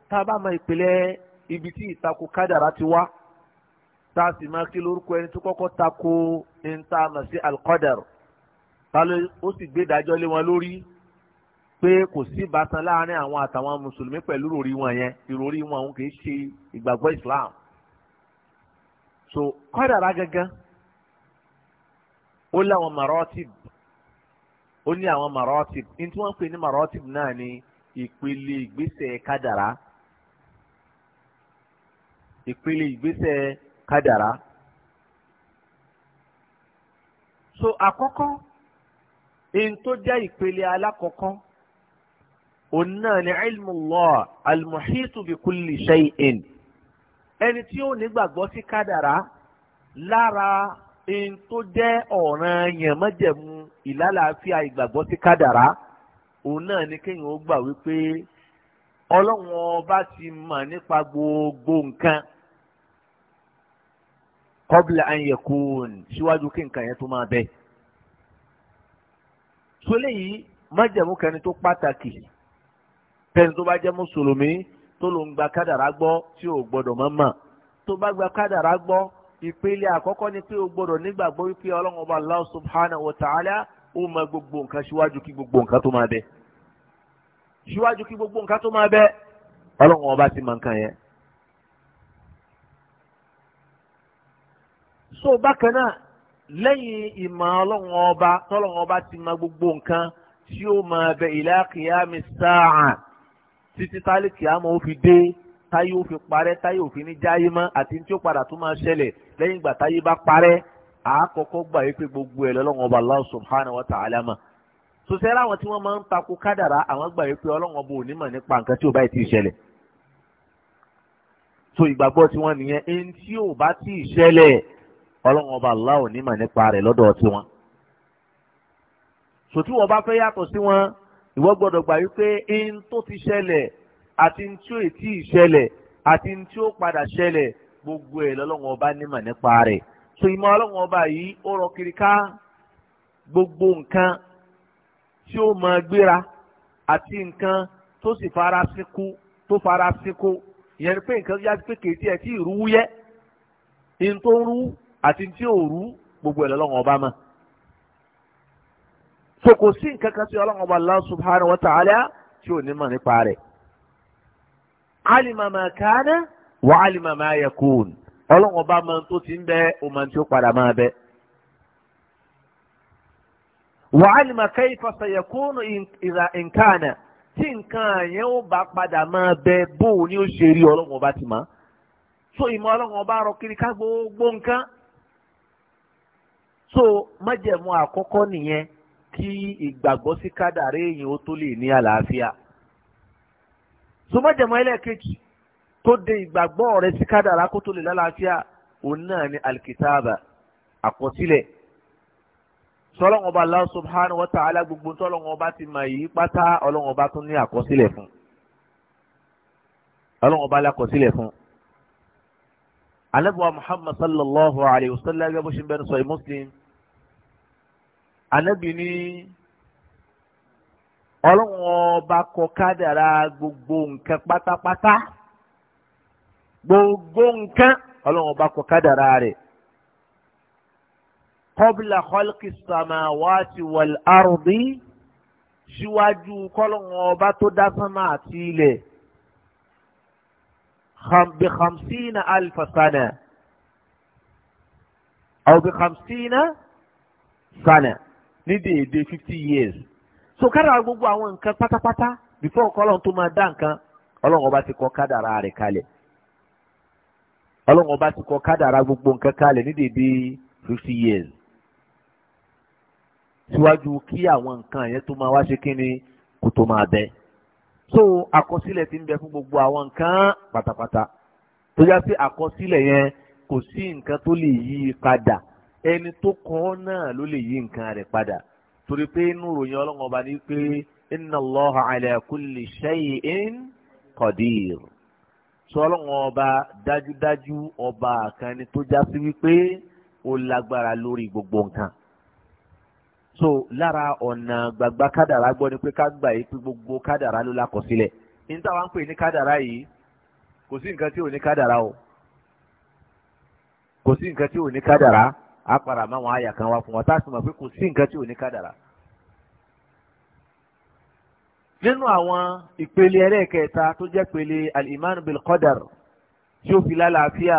tá a bá mọ ìpìlẹ̀ ibi tí ìtakò kádàrá ti wá tá a sì máa kí lórúkọ ẹni tó kọ́kọ́ takò ní tá a sí alqadar. talo ó sì gbé ìdájọ́ lé wọn lórí pé kò sí ìbátan láàrin àwọn àtàwọn mùsùlùmí pẹ̀lú ìròrí wọn yẹn ìròrí wọn òun ṣe Islam so kọ́dàrá gángan ó láwọn marotib ó ní àwọn marotib ní tí wọ́n pè ní marotib náà ni ìpele ìgbésẹ̀ kádàrá ìpele ìgbésẹ̀ so àkọ́kọ́. in tó jẹ́ ìpele alákọ̀ọ́kọ́ òun náà ni ilmullah almuhitu bi kulli shay'in ẹni tí ó nígbàgbọ́ sí kádàrá lára in tó jẹ́ ọ̀ràn yẹn mọ́jẹ̀mú ìlàlàáfíà ìgbàgbọ́ sí kádàrá òun náà ni kéèyàn ó gbà wípé ọlọ́run ọba ti mọ̀ nípa gbogbo nǹkan qabla an yakun síwájú kí nǹkan yẹn tó máa bẹ́ẹ̀ so eléyìí májẹ̀mú kẹni tó pàtàkì tẹni tó bá jẹ́ mùsùlùmí tó ló ń gba kádàrá gbọ́ tí ò gbọ́dọ̀ máa mà tó bá gba kádàrá gbọ́ ìpele àkọ́kọ́ ni pé o gbọ́dọ̀ nígbàgbọ́ wípé ọlọ́run ọba Allah subhanahu wa ta'ala ó mọ gbogbo nǹkan síwájú kí gbogbo nǹkan tó máa bẹ síwájú kí gbogbo nǹkan tó máa bẹ ọlọ́run ọba ti mọ nǹkan yẹn. so bákan náà lẹ́yìn ìmọ̀ ọlọ́run ọba tọ́lọ́run ọba ti mọ gbogbo nǹkan tí ó máa bẹ ìlà kìámi sáà títí táyé kìámọ̀ ó fi dé táyé ó fi parẹ́ táyé òfin ní jáyé mọ́ àti tí ó padà tún máa ṣẹlẹ̀ lẹ́yìn ìgbà táyé bá parẹ́ àákọ́kọ́ gbà wípé gbogbo ẹ̀ lọ́lọ́run ọba Allah subhanahu wa sọsẹ́ láwọn tí wọ́n máa ń takò kádàrá àwọn gbà wípé ọlọ́run ọba ò ní mọ̀ nípa nǹkan tí ò bá ti ṣẹlẹ̀ so ìgbàgbọ́ tí wọ́n nìyẹn ẹni tí ò bá ti ṣẹlẹ̀ ọlọ́run ọba aláwọ̀ nímọ̀ nípa rẹ̀ lọ́dọ̀ ọtí wọn. sòtí wọn bá fẹ́ yàtọ̀ sí wọn ìwọ gbọ́dọ̀ gbà wípé in tó ti ṣẹlẹ̀ àti in tí ó ti ṣẹlẹ̀ àti in tí ó padà ṣẹlẹ̀ gbogbo ẹ̀ lọ́lọ́run ọba nímọ̀ nípa rẹ̀. so ìmọ̀ ọlọ́run ọba yìí ó rọ kiri gbogbo nǹkan tí ó máa gbéra àti nǹkan tó sì fara sínkú tó fara sínkú ìyẹn pé nǹkan yá pé kèétí ẹ̀ tí ì rú wúyẹ́ in tó ń rú àti tí ò rú gbogbo ẹ̀ lọ́wọ́ ọba mọ́ so kò sí nǹkan kan tí ọlọ́wọ́ ọba Allah subhanahu wa ta'ala tí ò ní mọ̀ nípa rẹ̀ alima ma kana wa alima ma yakun ọlọ́wọ́ ọba mọ̀ tó ti ń bẹ ọmọ tí ó padà máa bẹ. wa alima kayfa sayakunu idha in kana tí nǹkan yẹn ó bá padà máa bẹ bóun ni ó ṣe rí ọlọ́wọ́ ọba ti mọ̀ so ìmọ̀ ọlọ́wọ́ ọba rọ kiri ká gbogbo nǹkan. so májẹ̀mú àkọ́kọ́ nìyẹn kí ìgbàgbọ́ sí kádàrá èèyàn ó tó lè ní àlàáfíà so májẹ̀mú ẹlẹ́ẹ̀kejì tó de ìgbàgbọ́ rẹ sí kádàrá kó tó lè lálàáfíà òun náà ni alikitaaba àkọsílẹ̀ sọlọ́ngọba Allah subhanahu wa ta'ala gbogbo tọ́lọ́ngọba ti mà yí pátá ọlọ́ngọba tún ní àkọsílẹ̀ fún ọlọ́ngọba lákọsílẹ̀ fún. anabuwa muhammad sallallahu alayhi wa sallam yabushin bẹ́ẹ̀ sọ muslim ànábì ní ọlọ́run ọba kọ kádàrá gbogbo nǹkan pátápátá gbogbo nǹkan ọlọ́run ọba kọ kádàrá rẹ̀ kọ́bílà kọ́lùkì sàmáwáàtì wal ardi síwájú kọ́lọ́run ọba tó dá sánmà àti ilẹ̀ bi khamsina alfa sana aw bi khamsina ní dèédé fifty years so kádàrá gbogbo àwọn nǹkan pátápátá before kọ́lọ́n tó máa dá nǹkan ọlọ́run ọba ti kọ kádàrá rẹ̀ kalẹ̀ ọlọ́run ọba ti kọ kádàrá gbogbo nǹkan kalẹ̀ ní dèédé fifty years síwájú kí àwọn nǹkan yẹn tó máa wá ṣe kí ni kó tó máa bẹ so àkọsílẹ̀ ti ń bẹ fún gbogbo àwọn nǹkan pátápátá tó yá sí àkọsílẹ̀ yẹn kò sí nǹkan tó lè yí padà ẹni tó kọ́ náà ló lè yí nǹkan rẹ̀ padà torí pé inú ròyìn ọlọ́run ọba inna ala kulli shay'in qadir sọ ọlọ́run ọba dájúdájú ọba kan ni tó já sí wípé ó lágbára lórí gbogbo nǹkan so lára ọ̀nà gbàgbà kádàrá gbọ́ ni pé gbogbo kádàrá ló lákọsílẹ̀ níta wá ń pè ní kádàrá yìí kò sí nǹkan tí ò ní o kò sí nǹkan tí ò á padà má wọn àyà kan wá fún wọn tá a sì mọ̀ pé kò sí nǹkan tí ò ní kádàrà. nínú àwọn ìpele ẹlẹ́ẹ̀kẹta tó jẹ́ pele al-iman bil-qadar tí ó fi lálàáfíà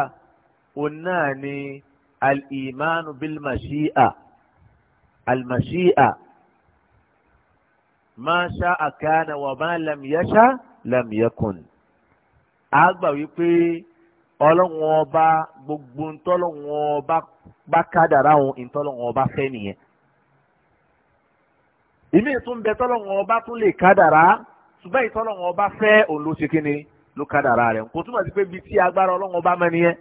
òun náà ni al-iman bil-mashi'a al-mashi'a ma sha'a kana a gbà wípé ọlọ́wọ́n ọba gbogbo ntọ́lọ́wọ́n ọba bá kádàrá òun ìtọ́lọ́wọ́n ọba fẹ́ nìyẹn. ìmí ìtún bẹ tọ́lọ́wọ́n ọba tún lè kádàrá ṣùgbọ́n ìtọ́lọ́wọ́n ọba fẹ́ òun ló ṣe kíni ló kádàrá rẹ̀ kò túmọ̀ sí pé bíi tí agbára ọlọ́wọ́n ọba mọ nìyẹn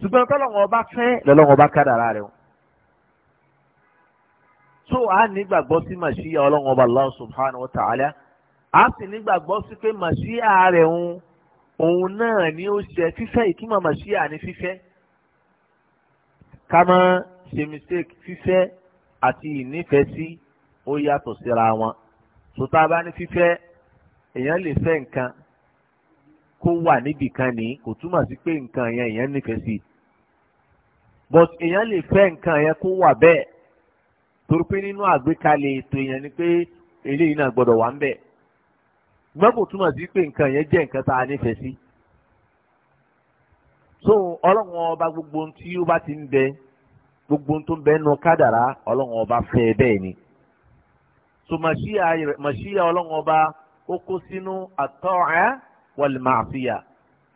ṣùgbọ́n tọ́lọ́wọ́n ọba fẹ́ lọ́lọ́wọ́n ọba kádàrá rẹ̀ so a nígbàgbọ́ sí màṣíyà ọlọ́wọ́n ọba Allah subhanahu wa ta'ala a sì nígbàgbọ́ sí pé màṣíyà rẹ̀ òun òun náà ni ó ṣe fífẹ́ ìtumọ̀ màṣíyà ni fífẹ́ Kama má ṣe mistake fífẹ́ àti ìnífẹ̀ẹ́ sí ó yàtọ̀ síra wọn sọta bá ní fífẹ́ èèyàn lè fẹ́ nǹkan kó wà níbì kan ní kò túmọ̀ sí pé nǹkan yẹn èèyàn nífẹ̀ẹ́ sí but èèyàn lè fẹ́ nǹkan yẹn kó wà bẹ́ẹ̀ torí pé nínú àgbékalẹ̀ ètò èèyàn ni pé eléyìí náà gbọ́dọ̀ wà ń bẹ̀ ṣùgbọ́n kò túmọ̀ sí pé nǹkan yẹn jẹ́ nǹkan tá a nífẹ̀ẹ́ sí. Si ọlọ́run ọba gbogbo ohun tí ó bá ti ń bẹ gbogbo tó ń bẹ kádàrá ọlọ́run ọba fẹ́ bẹ́ẹ̀ ni. so màṣíyà ọlọ́run ọba ó kó sínú àtọ́ọ̀ẹ́ wal ma'siya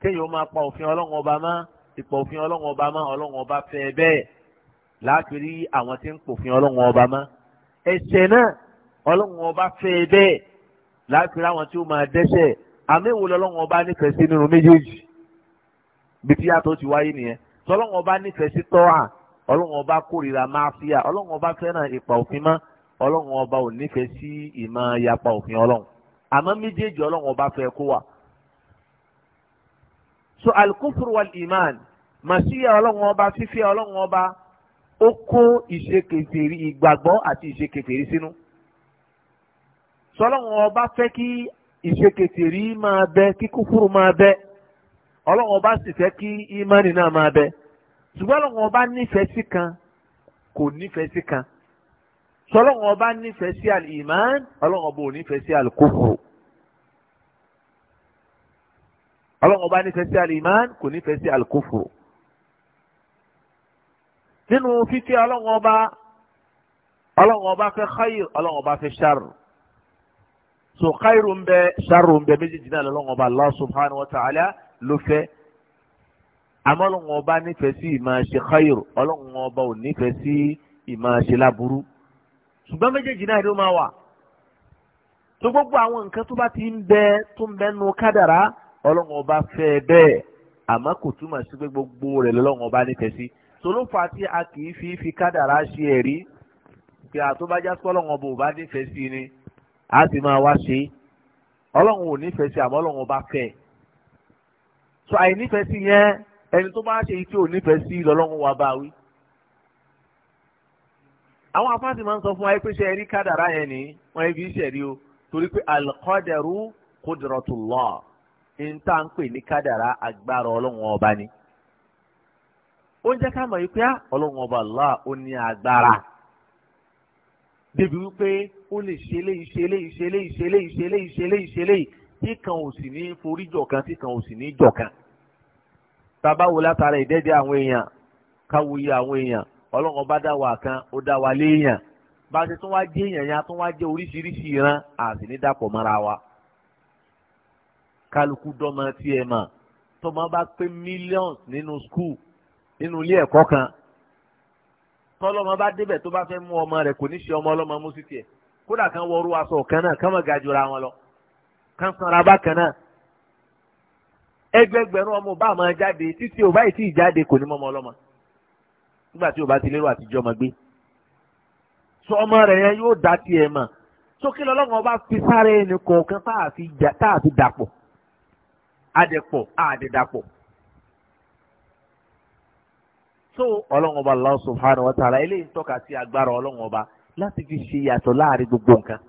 kéèyàn máa pa òfin ọlọ́run ọba mọ́ ìpa òfin ọlọ́run ọba mọ́ ọlọ́run ọba fẹ́ bẹ́ẹ̀ láàkiri àwọn tí ń pòfin ọlọ́run ọba mọ́ ẹ̀ṣẹ̀ náà ọlọ́run ọba fẹ́ bẹ́ẹ̀ láàkiri àwọn tí ó máa dẹ́ṣẹ̀ àmì ìwòlọ́lọ́run ọba nífẹ̀ẹ́ sí nínú méjèèjì bí tí yàtọ̀ ti wáyé nìyẹn tọ́lọ́wọ́n ọba nífẹ̀ẹ́ sí tọ́wà ọlọ́wọ́n ọba kórìíra máa fíà ọlọ́wọ́n ọba fẹ́ràn ìpa òfin mọ́ ọlọ́wọ́n ọba ò nífẹ̀ẹ́ sí ìmọ̀ yapa òfin ọlọ́wọ́n àmọ́ méjèèjì ọlọ́wọ́n ọba fẹ́ kó wà. so al-kufr wal-iman màsíyà ọlọ́wọ́n ọba fífẹ́ ọlọ́wọ́n ọba ó kó ìṣekèfèrí ìgbàgbọ́ àti ìṣekèfèrí sínú. sọlọ́wọ́n ọba fẹ́ kí ìṣekèfèrí máa bẹ kí kúfúrú máa bẹ́ẹ̀ ọlọ́run ọba sì fẹ́ kí ìmánì náà máa bẹ ṣùgbọ́n ọlọ́run ọba nífẹ̀ẹ́ sí kan kò nífẹ̀ẹ́ sí kan ṣọlọ́run ọba nífẹ̀ẹ́ sí al-iman ọlọ́run ọba ò nífẹ̀ẹ́ sí al-kufru ọlọ́run ọba nífẹ̀ẹ́ sí al-iman kò nífẹ̀ẹ́ sí al-kufru nínú fífi ọlọ́run ọba ọlọ́run ọba fẹ́ khayr ọlọ́run ọba fẹ́ sharr so khayru ń bẹ sharru ń bẹ méjèèjì náà lọ́lọ́run ọba Allah subhanahu wa ta'ala ló fẹ́ àmọ́ ọlọ́run ọba nífẹ̀ẹ́ sí ìmáa ṣe khayr ọlọ́run ọba ò nífẹ̀ẹ́ sí ìmáa ṣe láburú ṣùgbọ́n méjèèjì náà ló máa wà tó gbogbo àwọn nǹkan tó bá ti ń bẹ tó ń bẹnu kádàrá ọlọ́run ọba fẹ́ bẹ́ẹ̀ àmọ́ kò túmọ̀ sí pé gbogbo rẹ̀ lọ́lọ́run ọba nífẹ̀ẹ́ sí tolófa tí a kì í fi fi kádàrá ṣe ẹ̀rí pé àtúbájá sí ọlọ́run ọba ò bá nífẹ̀ẹ́ sí ni a sì máa wá ṣe ọlọ́run ò nífẹ̀ẹ́ sí àmọ́ ọlọ́run ọba fẹ́ so àìnífẹ̀ẹ́ sí yẹn ẹni tó bá ṣe tí ò nífẹ̀ẹ́ sí lọ́lọ́run wa bá wí. àwọn afáàtì máa ń sọ fún wa pé ṣe ẹ̀rí kádàrá yẹn ni wọ́n ẹbí ṣẹ̀rí o torí pé alqadaru qudratullah ń tà ń pè ní kádàrá agbára ọlọ́run ọba ni. ó ń jẹ́ ká mọ̀ yìí pé ah, ọlọ́run ọba Allah ó ní agbára débi wípé ó lè ṣe léyìí ṣe léyìí ṣe léyìí ṣe léyìí ṣe léyìí ṣe léyìí ṣe ò sì ní forí jọ̀kan tí ò sì ní jọ̀kan tàbá wo látara ìdẹ́dẹ́ àwọn èèyàn káwo iye àwọn èèyàn ọlọ́run bá dá wa kan ó dá wa léèyàn bá a ti tún wá jẹ́ èèyàn yẹn a tún wá jẹ́ oríṣiríṣi ìran àti ní dàpọ̀ mọ́ra wa kálukú dọ́mọ tiẹ̀ mọ̀ tọmọ bá pé millions nínú school nínú ilé ẹ̀kọ́ kan tọ́lọ́mọ bá débẹ̀ tó bá fẹ́ mú ọmọ rẹ̀ kò ní ṣe ọmọ ọlọ́mọ mú sí tiẹ̀ kódà kan wọrú aṣọ kan náà kán mọ̀ gajura wọn lọ kán sanra bákan náà ẹgbẹgbẹ̀rún ọmọ bá máa jáde títí ò báyìí tí ì jáde kò ní mọ́ ọmọ ọlọ́mọ nígbà tí ò bá ti lérò àtijọ́ ọmọ gbé sọ ọmọ rẹ̀ yẹn yóò dá tiẹ̀ mọ̀ sókè lọ́lọ́run ọba fi sáré ẹni kọ̀ọ̀kan tá a fi dàpọ̀ àdẹ̀pọ̀ àdẹ̀dàpọ̀ so ọlọ́run ọba Allah subhanahu wa ta'ala eléyìí ń tọ́ka sí agbára ọlọ́run ọba láti fi ṣe yàtọ̀ láàrin gbogbo nǹkan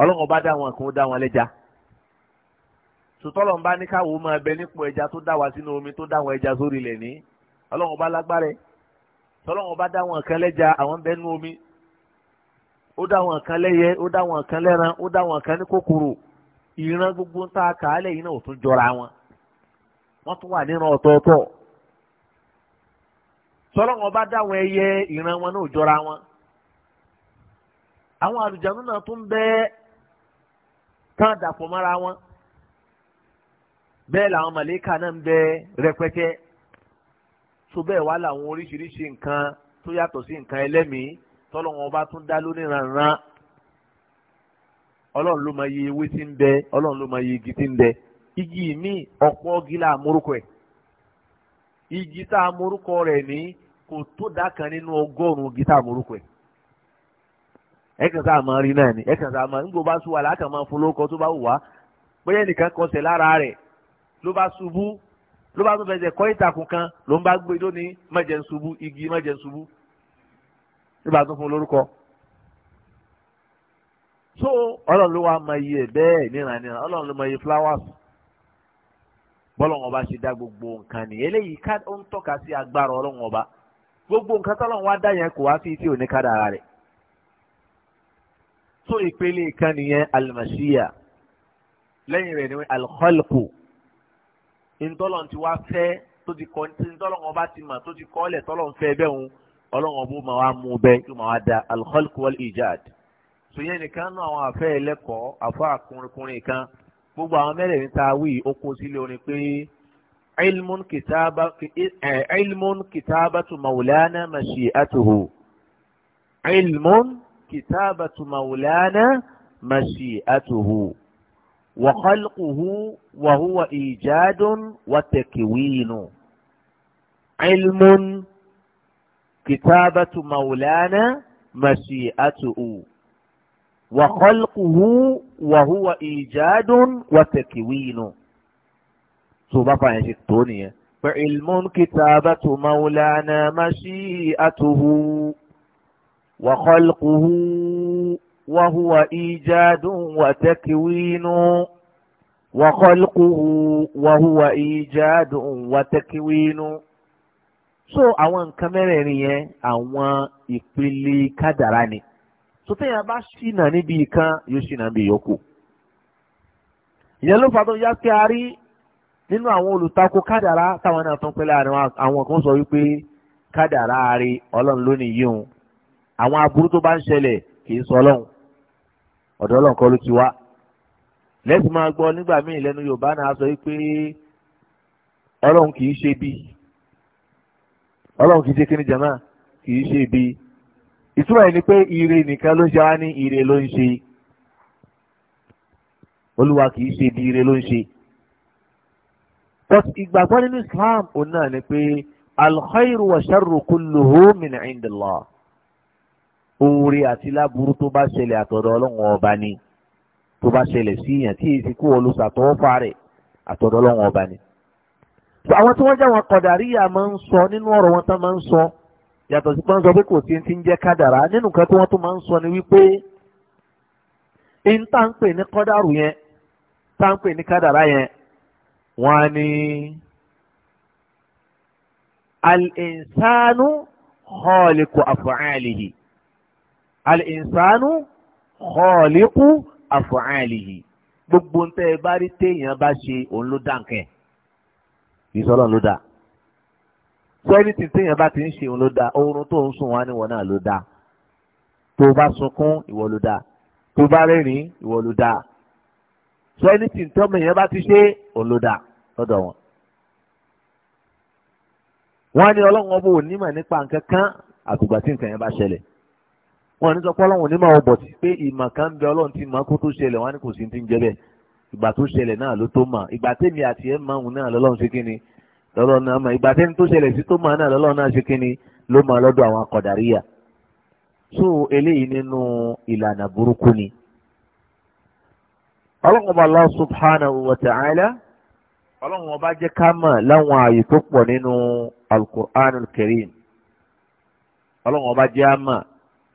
ọlọ́run ọba dá wọn kó dá wọn lẹ́jà. sòtọ́lọ̀ ń bá ní káwọ́ máa bẹ nípò ẹja tó dáwà sínú omi tó dá ẹja sórí ilẹ̀ ní ọlọ́run bá lágbára tọ́lọ́run bá dá kan lẹ́ja àwọn bẹ́ẹ̀ omi ó dá kan lẹ́yẹ ó kan ó gbogbo ta kàálẹ̀ yìí náà jọra wọn wọ́n tún wà ọ̀tọ̀ọ̀tọ̀ tọ́lọ́run bá wọn náà jọra wọn àwọn àlùjánu wọn. bẹ́ẹ̀ làwọn màlẹ́kà náà ń bẹ rẹpẹtẹ tó bẹ́ẹ̀ wá làwọn oríṣiríṣi nǹkan tó yàtọ̀ sí nǹkan ẹlẹ́mìí tọ́lọ́wọ́n bá tún dá lónìí ranran ọlọ́run ló máa yẹ ewé tí ń bẹ ọlọ́run ló máa yẹ igi tí ń bẹ igi ọ̀pọ̀ igi ẹ̀ igi kò tó dá nínú ọgọ́rùn-ún igi tá ẹ̀ ẹ̀kan máa rí náà ni ẹ̀kan a máa ń gbọ́ bá sùn wà máa fún lóko tó bá ló bá ṣubú ló bá tún fẹsẹ̀ kọ́ ìtàkùn kan ló ń bá gbé lónìí mọ̀jẹ̀ ń ṣubú igi mọ̀jẹ̀ ń ṣubú ló bá tún fún lórúkọ. so ọlọ́run ló wá mọ iye ẹ̀ bẹ́ẹ̀ níranìran ọlọ́run ló mọ iye flowers bọ́lọ́run ọba ṣe dá gbogbo nǹkan nìyẹn eléyìí ká ó ń tọ́ka sí agbára ọlọ́run ọba gbogbo nǹkan tọ́lọ́run wá dá yẹn kò wá sí tí ò ní kádàrá rẹ̀ so ìpele kan nìyẹn alimasiya lẹ́yìn rẹ̀ ni alkhalqu ntọ́lọ́n ti wá fẹ́ tó ti kọ́ ntọ́lọ́n ọba ti mà tó ti kọ́ lẹ̀ tọ́lọ́n fẹ́ bẹ́ẹ̀ ń ọlọ́run ọbú ma wá mú bẹ́ẹ̀ kí ma wá da al-khalq wal-ijad sòyẹn nìkan náà àwọn afẹ́ ẹlẹ́kọ̀ọ́ afọ́ àkùnrinkùnrin kan gbogbo àwọn mẹ́rẹ̀ẹ̀rin tá a wí ó kó sílé orin pé ilmun kitaba ilmun kitabatu maulana mashi'atuhu ilmun kitabatu maulana mashi'atuhu. وخلقه وهو إيجاد وتكوين علم كتابة مولانا مشيئته وخلقه وهو إيجاد وتكوين سوبا فاين فعلم كتابة مولانا مشيئته وخلقه وهو إيجاد وتكوين وخلقه وهو إيجاد وتكوين so àwọn nǹkan mẹ́rẹ̀ẹ̀rin yẹn àwọn ìpele kádàrá ni so téèyàn bá ṣìnà níbi kan yóò ṣìnà níbi yòókù ìyẹn ló fà tó yá pé a rí nínú àwọn olùtakò kádàrá táwọn náà tún pẹ́ láàrin àwọn kan sọ wípé kádàrá rí ọlọ́run lónìí yìí òun àwọn aburú tó bá ń ṣẹlẹ̀ kì í sọ ọlọ́run ọ̀dọ̀ ọlọ́run kọ́ ló ti wá lẹ́sìn máa gbọ́ nígbà míì lẹ́nu yorùbá náà sọ pé ọlọ́run kì í ṣe bí ọlọ́run kì í ṣe kíni jama kì í ṣe bí ìtumọ̀ ẹ̀ ni pé ire nìkan ló ń ṣe wá ní ire ló ń ṣe olúwa kì í ṣe bí ire ló ń ṣe but ìgbàgbọ́ nínú islam òun náà ni pé alkhairu wa sharru kulluhu min indillah oore àti láburú tó bá ṣẹlẹ̀ àtọ̀dọ̀ ọlọ́run ọba ni tó bá ṣẹlẹ̀ sí yàn tí èsì kú olùsàtọ́wọ́ fà rẹ̀ àtọ̀dọ̀ ọlọ́run ọba ni. àwọn tí wọ́n jẹ́ wọn kọ̀dàríyà máa ń sọ nínú ọ̀rọ̀ wọn tán máa ń sọ yàtọ̀ sí pé wọ́n sọ pé kò tí ń ti ń jẹ́ kádàrá nínú kan tí wọ́n tún máa ń sọ ni wípé ìta ń pè ní kọ́dàrú yẹn ta ń pè ní kádàrá yẹn wọ́n á ní al-insanu khaliqu af'alihi. al-insanu khaliqu af'alihi gbogbo ń tẹ́ ẹ bá rí téèyàn bá ṣe òun ló dá nkẹ́ ìsọlọ́n ló dá so anything téèyàn bá ti ń ṣe òun ló dá oorun tó ń sùn wá níwọ̀n náà ló dá tó bá sunkún ìwọ ló dá tó bá rẹ́rìn ìwọ ló dá so anything tọ́mọ èèyàn bá ti ṣe òun ló dá lọ́dọ̀ wọn. wọ́n á ní ọlọ́run ọbọ̀ wọn ní sọ pé ọlọ́run ní máa bọ̀ sí pé ìmọ̀ kan bẹ ọlọ́run ti mọ̀ kó tó ṣẹlẹ̀ wọn ní kò sí ti ń jẹ́ bẹ́ẹ̀ ìgbà tó ṣẹlẹ̀ náà ló tó mọ̀ ìgbà tèmi àti ẹ̀ máa ń náà lọ́lọ́run ṣe kíni lọ́lọ́run náà mọ̀ ìgbà tẹ́ni tó ṣẹlẹ̀ sí tó mọ̀ náà lọ́lọ́run náà ṣe kíni ló mọ̀ lọ́dọ̀ àwọn akọ̀dàríyà so eléyìí nínú ìlànà burúkú ni. ọlọ́run Allah subhanahu wa ta'ala ọlọ́run ọba jẹ́ ká mọ̀ láwọn ààyè tó pọ̀ nínú al-Qur'an al-Karim ọlọ́run ọba jẹ́ á mọ̀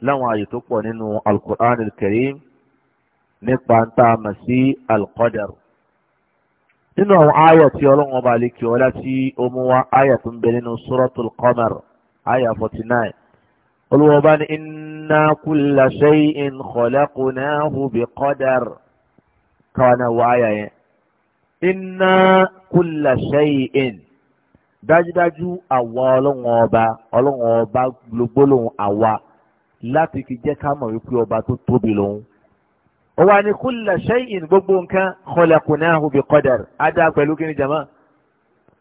láwọn àyè tó pọ̀ nínú alukur'an al-karim nípa ń tá a mọ̀ sí alukọ́dẹ̀rù. nínú àwọn àyà tí ọlọ́run ọba lè kí ọlá tí ó mú wá àyà tó ń bẹ nínú suratul qamar àyà forty nine. olùwọ́ba ní inna kulla shay'in khalaqnahu bi qadar káwọn náà wọ àyà yẹn. inna kulla shay'in dájúdájú àwa ọlọ́run ọba ọlọ́run ọba gbólóhùn àwa láti fi jẹ́ ká mọ̀ wípé ọba tó tóbi lòun. ó wà ní kulla shay'in gbogbo nǹkan khalaqnahu bi qadar á dá pẹ̀lú kí ni jama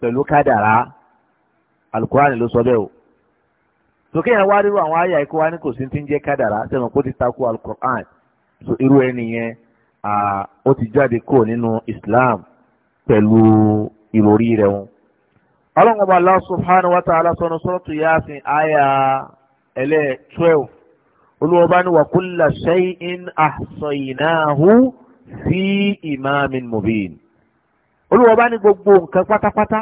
pẹ̀lú kádàrá alukurani ló sọ bẹ́ẹ̀ o. sókè yẹn wá rírú àwọn àyà ikú wa ní kò sí ti ń jẹ́ kádàrá sẹ́wọ̀n kó ti takò alukurani so irú ẹni yẹn ó ti jáde kó nínú Islam pẹ̀lú ìròrí rẹ̀ wọn. ọlọ́run ọba Allah subhanahu wa ta'ala sọ̀rọ̀ sọ́rọ̀ yáàfin àyà ẹlẹ́ twelve olùwọ́ba ni wa kulla shay'in ahsaynahu fi imamin mubin olùwọ́ba ni gbogbo nǹkan pátápátá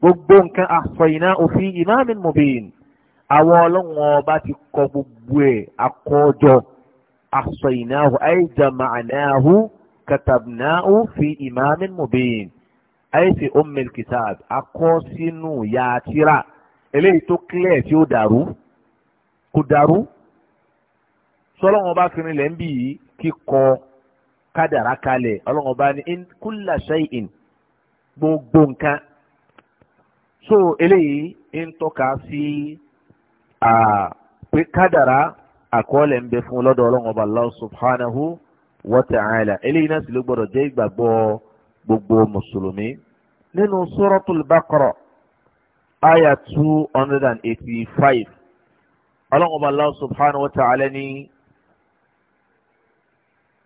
gbogbo nǹkan ahsaynahu fi imamin mubin àwọn ọlọ́run ọba ti kọ gbogbo ẹ̀ akọ́jọ ahsaynahu ay jama'nahu katabnahu fi imamin mubin ay fi ummil kitab sínú yàtìrà eléyìí tó kílẹ̀ tí ó dàrú kò dàrú sọlọ́wọ́n bá fi rinlẹ̀ ń bì yìí kíkọ kádàrá kalẹ̀ ọlọ́wọ́n bá ní kúlà ṣẹ́yìn gbogbo nǹkan so eléyìí ń tọ́ka sí pé kádàrá àkọọ́lẹ̀ ń bẹ fún lọ́dọ̀ ọlọ́wọ́n bá Allah subhanahu wa ta'ala eléyìí náà sì ló gbọ́dọ̀ jẹ́ ìgbàgbọ́ gbogbo mùsùlùmí nínú suratul Baqara aya two hundred and eighty-five ọlọ́wọ́n bá Allah subhanahu wa ta'ala ní.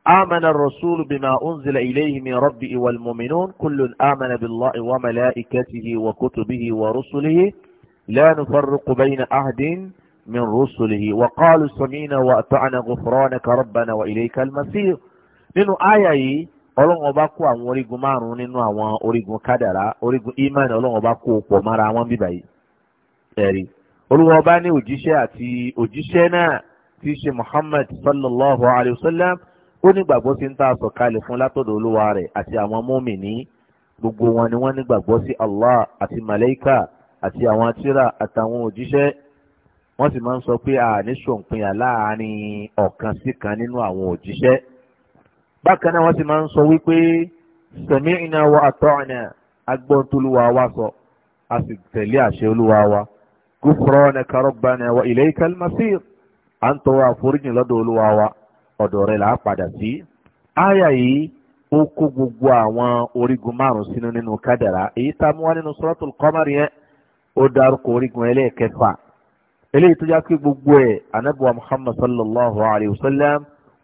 آمن الرسول بما أنزل إليه من ربه والمؤمنون كل آمن بالله وملائكته وكتبه ورسله لا نفرق بين أحد من رسله وقالوا سمينا وأطعنا غفرانك ربنا وإليك المسير من àyà yìí ọlọ́run ọba kó àwọn orígun márùn-ún nínú àwọn orígun kádàrá orígun imán ọlọ́run ọba kó pọ̀ mọ́ra wọn bíbá yìí ẹ̀rí olúwa ọba ní òjíṣẹ́ àti òjíṣẹ́ náà tí ṣe Muhammad sallallahu alayhi wa sallam ó nígbàgbọ́ sí ń tà sọ̀kalẹ̀ fún látọ̀dọ̀ olúwa rẹ̀ àti àwọn mùmínì gbogbo wọn ni wọ́n nígbàgbọ́ sí Allah àti màláíkà àti àwọn tírà àtàwọn òjíṣẹ́ wọ́n sì máa ń sọ pé àní ṣòǹpinyà láàárín ọ̀kan sí kan nínú àwọn òjíṣẹ́ bákan náà wọ́n sì máa ń sọ wípé sami'na wa ata'na agbọ́ntolúwa wa sọ a sì tẹ̀lé àṣẹ olúwa wa gufranaka rabbana wa ilaykal masir à ń tọrọ àforíjìn lọ́dọ̀ olúwa wa ọ̀dọ̀ rẹ̀ là á padà sí. àyà yìí ó kó gbogbo àwọn orígun márùn-ún sínú nínú kádàrá èyí tá a mú wá nínú suratul qamar yẹn ó dárúkọ orígun ẹlẹ́ẹ̀kẹfà eléyìí tó já pé gbogbo ẹ̀ anábọ̀ muhammad sallallahu alayhi wa sallam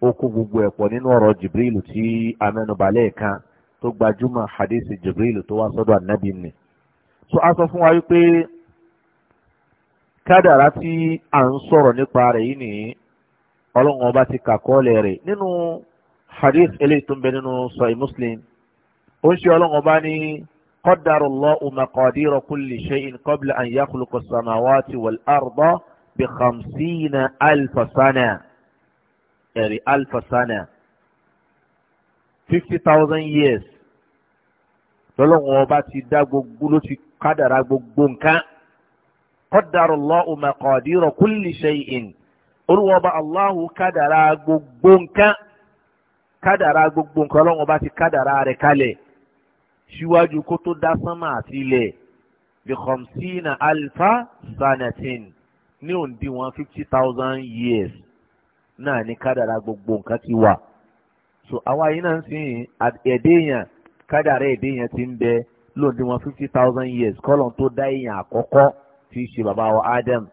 ó kó gbogbo ẹ̀ pọ̀ nínú ọ̀rọ̀ jibril tí amẹ́nubà lẹ́ẹ̀kan tó gbajúmọ̀ hadith jibril tó wá sọ́dọ̀ anábì ni. so a fún wa wípé kádàrá tí à ń sọ̀rọ̀ nípa rẹ̀ yìí nìyí ọlọ́run ọba ti kàkọ́ọ̀lẹ̀ rẹ̀ nínú hadith eléyìí tó ń bẹ nínú sahih muslim ó ń ṣe ọlọ́run ọba ní qaddarallahu maqadira kulli shay'in qabla an yakhluqa as-samawati wal arda bi khamsina alfa sana ẹ̀rí alfa fifty thousand years lọ́lọ́run ọba ti dá gbogbo ló ti kádàrá gbogbo nǹkan qaddarallahu maqadira kulli shay'in olúwa ọba Allahu kádàrá gbogbo nǹkan kádàrá gbogbo nǹkan ọlọ́run ọba ti kádàrá rẹ̀ kalẹ̀ síwájú kó tó dá sánmà àti ilẹ̀ bi khamsina alfa sanatin ní òǹdíwọ̀n fifty thousand years náà ní kádàrá gbogbo nǹkan ti wà so àwa yìí náà ń sìn ẹ̀dẹ́ èèyàn kádàrá ẹ̀dẹ́ ti ń bẹ lóǹdíwọ̀n fifty thousand years kọ́lọ́n tó dá èèyàn àkọ́kọ́ tí í ṣe bàbá wa Adam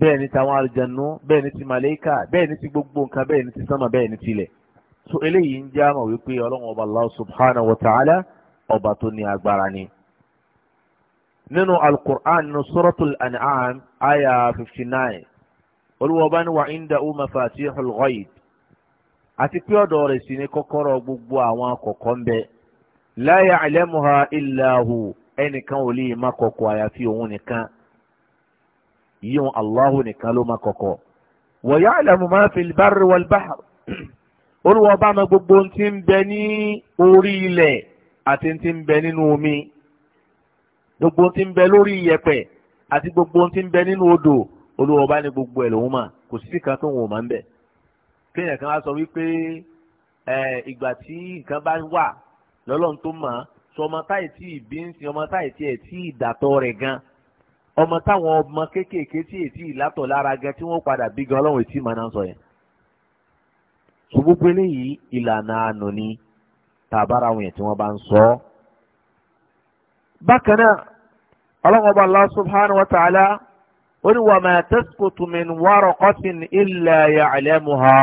bẹ́ẹ̀ ni tàwọn àlùjànnú bẹ́ẹ̀ ni ti màlẹ́kà bẹ́ẹ̀ ni ti gbogbo nǹkan bẹ́ẹ̀ ni ti sánmà bẹ́ẹ̀ ni tilẹ̀ so eléyìí ń já mọ̀ wípé ọlọ́run ọba allah subhanahu wa ta'ala ọba tó ní agbára ni. nínú alukur'an nínú suratul an'am aya fifty nine olùwọ́ba ni wà ń da uma fatihul ghaib àti pé ọ̀dọ̀ rẹ̀ sì ni kọ́kọ́rọ́ gbogbo àwọn akọ̀kọ́ ń bẹ la ya'lamuha illa hu ẹnìkan ò lè má kọ̀kọ̀ àyàfi òun nìkan yíyan Allahu nìkan ló máa kọ̀kọ̀. wa ya'lamu ma fil barri wal bahr *clears throat* olùwọ́ bá mọ gbogbo ohun tí ń bẹ ní orí ilẹ̀ àti ohun tí ń bẹ nínú omi gbogbo ohun tí ń bẹ lórí iyẹ̀pẹ̀ àti gbogbo ohun tí ń bẹ nínú odò olùwọ́ bá ní gbogbo ẹ̀ lòun mà kò sí kan tó ń wò má ń bẹ̀. kéèyàn kan á sọ wípé ìgbà tí nǹkan bá wà lọ́lọ́run tó mọ̀ sọ ọmọ táyì tí ì bí ń sin ọmọ táyì tí ì dàtọ̀ rẹ̀ gan-an ọmọ táwọn ọmọ kéékèèké tí ètí ìlàtọ̀ lára gan tí wọ́n padà bí gan ọlọ́run ètí màá sọ yẹn. ṣùgbọ́n pé léyìí ìlànà àánú ni tàbára wọn yẹn tí wọ́n bá ń sọ. bákan náà ọlọ́run ọba Allah subhanahu wa ta'ala ó ní wa ma tasqutu min waraqatin illa ya'lamuha.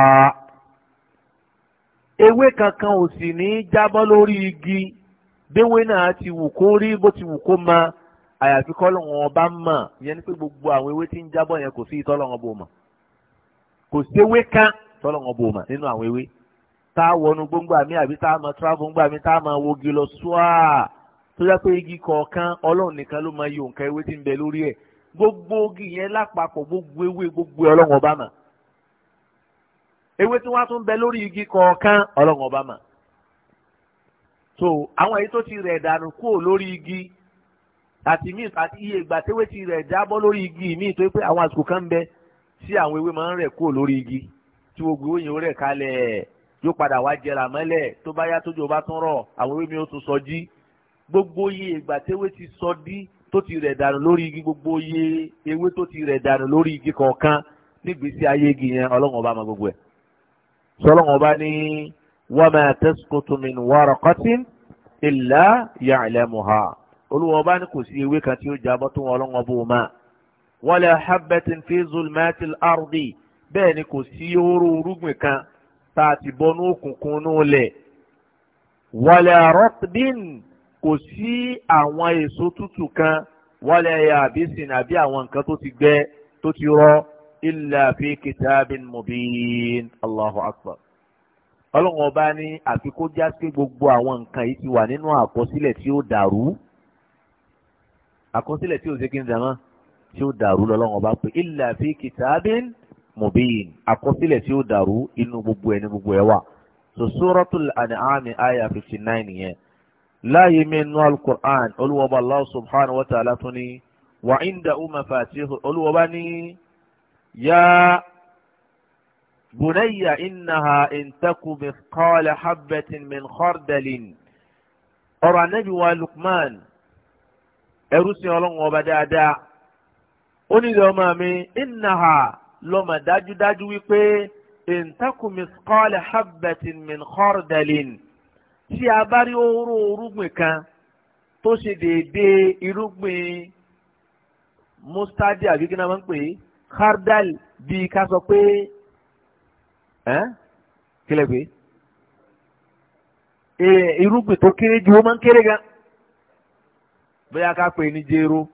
ewé kankan ò sì ní jábọ́ lórí igi déwé náà ti wù kó rí bó ti wù kó máa àyàfi kọ́ lọ́wọ́n ọba mọ̀ ìyẹn ni pé gbogbo àwọn ewé tí ń jábọ̀ yẹn kò sí ìtọ́lọ́wọ́n bò mọ̀ kò séwé kan tọ́lọ́wọ́n bò mọ̀ nínú àwọn ewé tá a wọnú gbóngbà mi àbí tá a mọ travel gbà mi tá a mọ wogi lọ ṣúà tó yẹ pé igi kọ̀ọ̀kan ọlọ́run nìkan ló mọ iye òǹkà ewé tí ń bẹ lórí ẹ̀ gbogbo igi yẹn lápapọ̀ gbogbo ewé gbogbo ọlọ́run ọba mọ̀ ewé tí wọ́n tún bẹ lórí igi kọ̀ọ̀kan ọlọ́run ọba mọ̀ so àwọn èyí tó ti rẹ̀ dànù kúrò lórí igi àti míì àti iye ìgbà tewé ti rẹ̀ jábọ́ lórí igi míì tó pé àwọn àsìkò kan ń bẹ tí àwọn ewé máa ń rẹ̀ kúrò lórí igi tí gbogbo òyìn rẹ̀ kalẹ̀ yóò padà wá jẹrà mọ́lẹ̀ tó bá yá tójú ọba tún rọ̀ àwọn ewé mi ó tún sọ jí gbogbo iye ìgbà tewé ti sọ dí tó ti rẹ̀ dànù lórí igi gbogbo iye ewé tó ti rẹ̀ dànù lórí igi kọ̀ọ̀kan nígbèsí ayé igi yẹn ọlọ́run ọba máa olúwa ọba ní kò sí ewé kan tí ó jábọ́ tó wọn ọlọ́wọ́n bó ma wala habbatin fi zulmatil ardi bẹ́ẹ̀ ni kò sí oró orúgbìn kan tá a ti bọ́ ní òkùnkùn ní ilẹ̀ wala ratbin kò sí àwọn èso tútù kan wala yabisin àbí àwọn nǹkan tó ti gbẹ tó ti rọ illa fi kitabin mubin allahu akbar ọlọ́wọ́n ọba ní àfikún jásí gbogbo àwọn nǹkan yìí ti wà nínú àkọsílẹ̀ tí ó dàrú àkọsílẹ̀ tí ò ṣe kí n dàmá tí ó dàrú lọ́lọ́wọ́n bá pé illa fi kitabin mubin àkọsílẹ̀ tí ó dàrú inú gbogbo ẹni gbogbo ẹ wà so suratul an'am aya fifty nine yẹn láàyè mẹ́nu al-Qur'an olùwọ́ba Allah subhanahu wa ta'ala tún ní wa indahu mafatihu olùwọ́ba ní yá bunayya innaha in taku mithqala habbatin min khardalin ọ̀rọ̀ anabi wa ẹrú sin ọlọ́run ọba dáadáa ó ní ilẹ̀ ọmọ mi ìnáhà lọ́mọ dájúdájú wípé ìntàkùnmí kọ́lẹ̀ habbatin min khardalin tí a bá rí oró orúgbìn kan tó ṣe déédéé irúgbìn mustadi àgbègbè náà máa ń pè é khardal bíi ká sọ pé kílẹ̀ pé irúgbìn tó kéré ju ó máa ń kéré gan-an. bóyá ká pè ní jéró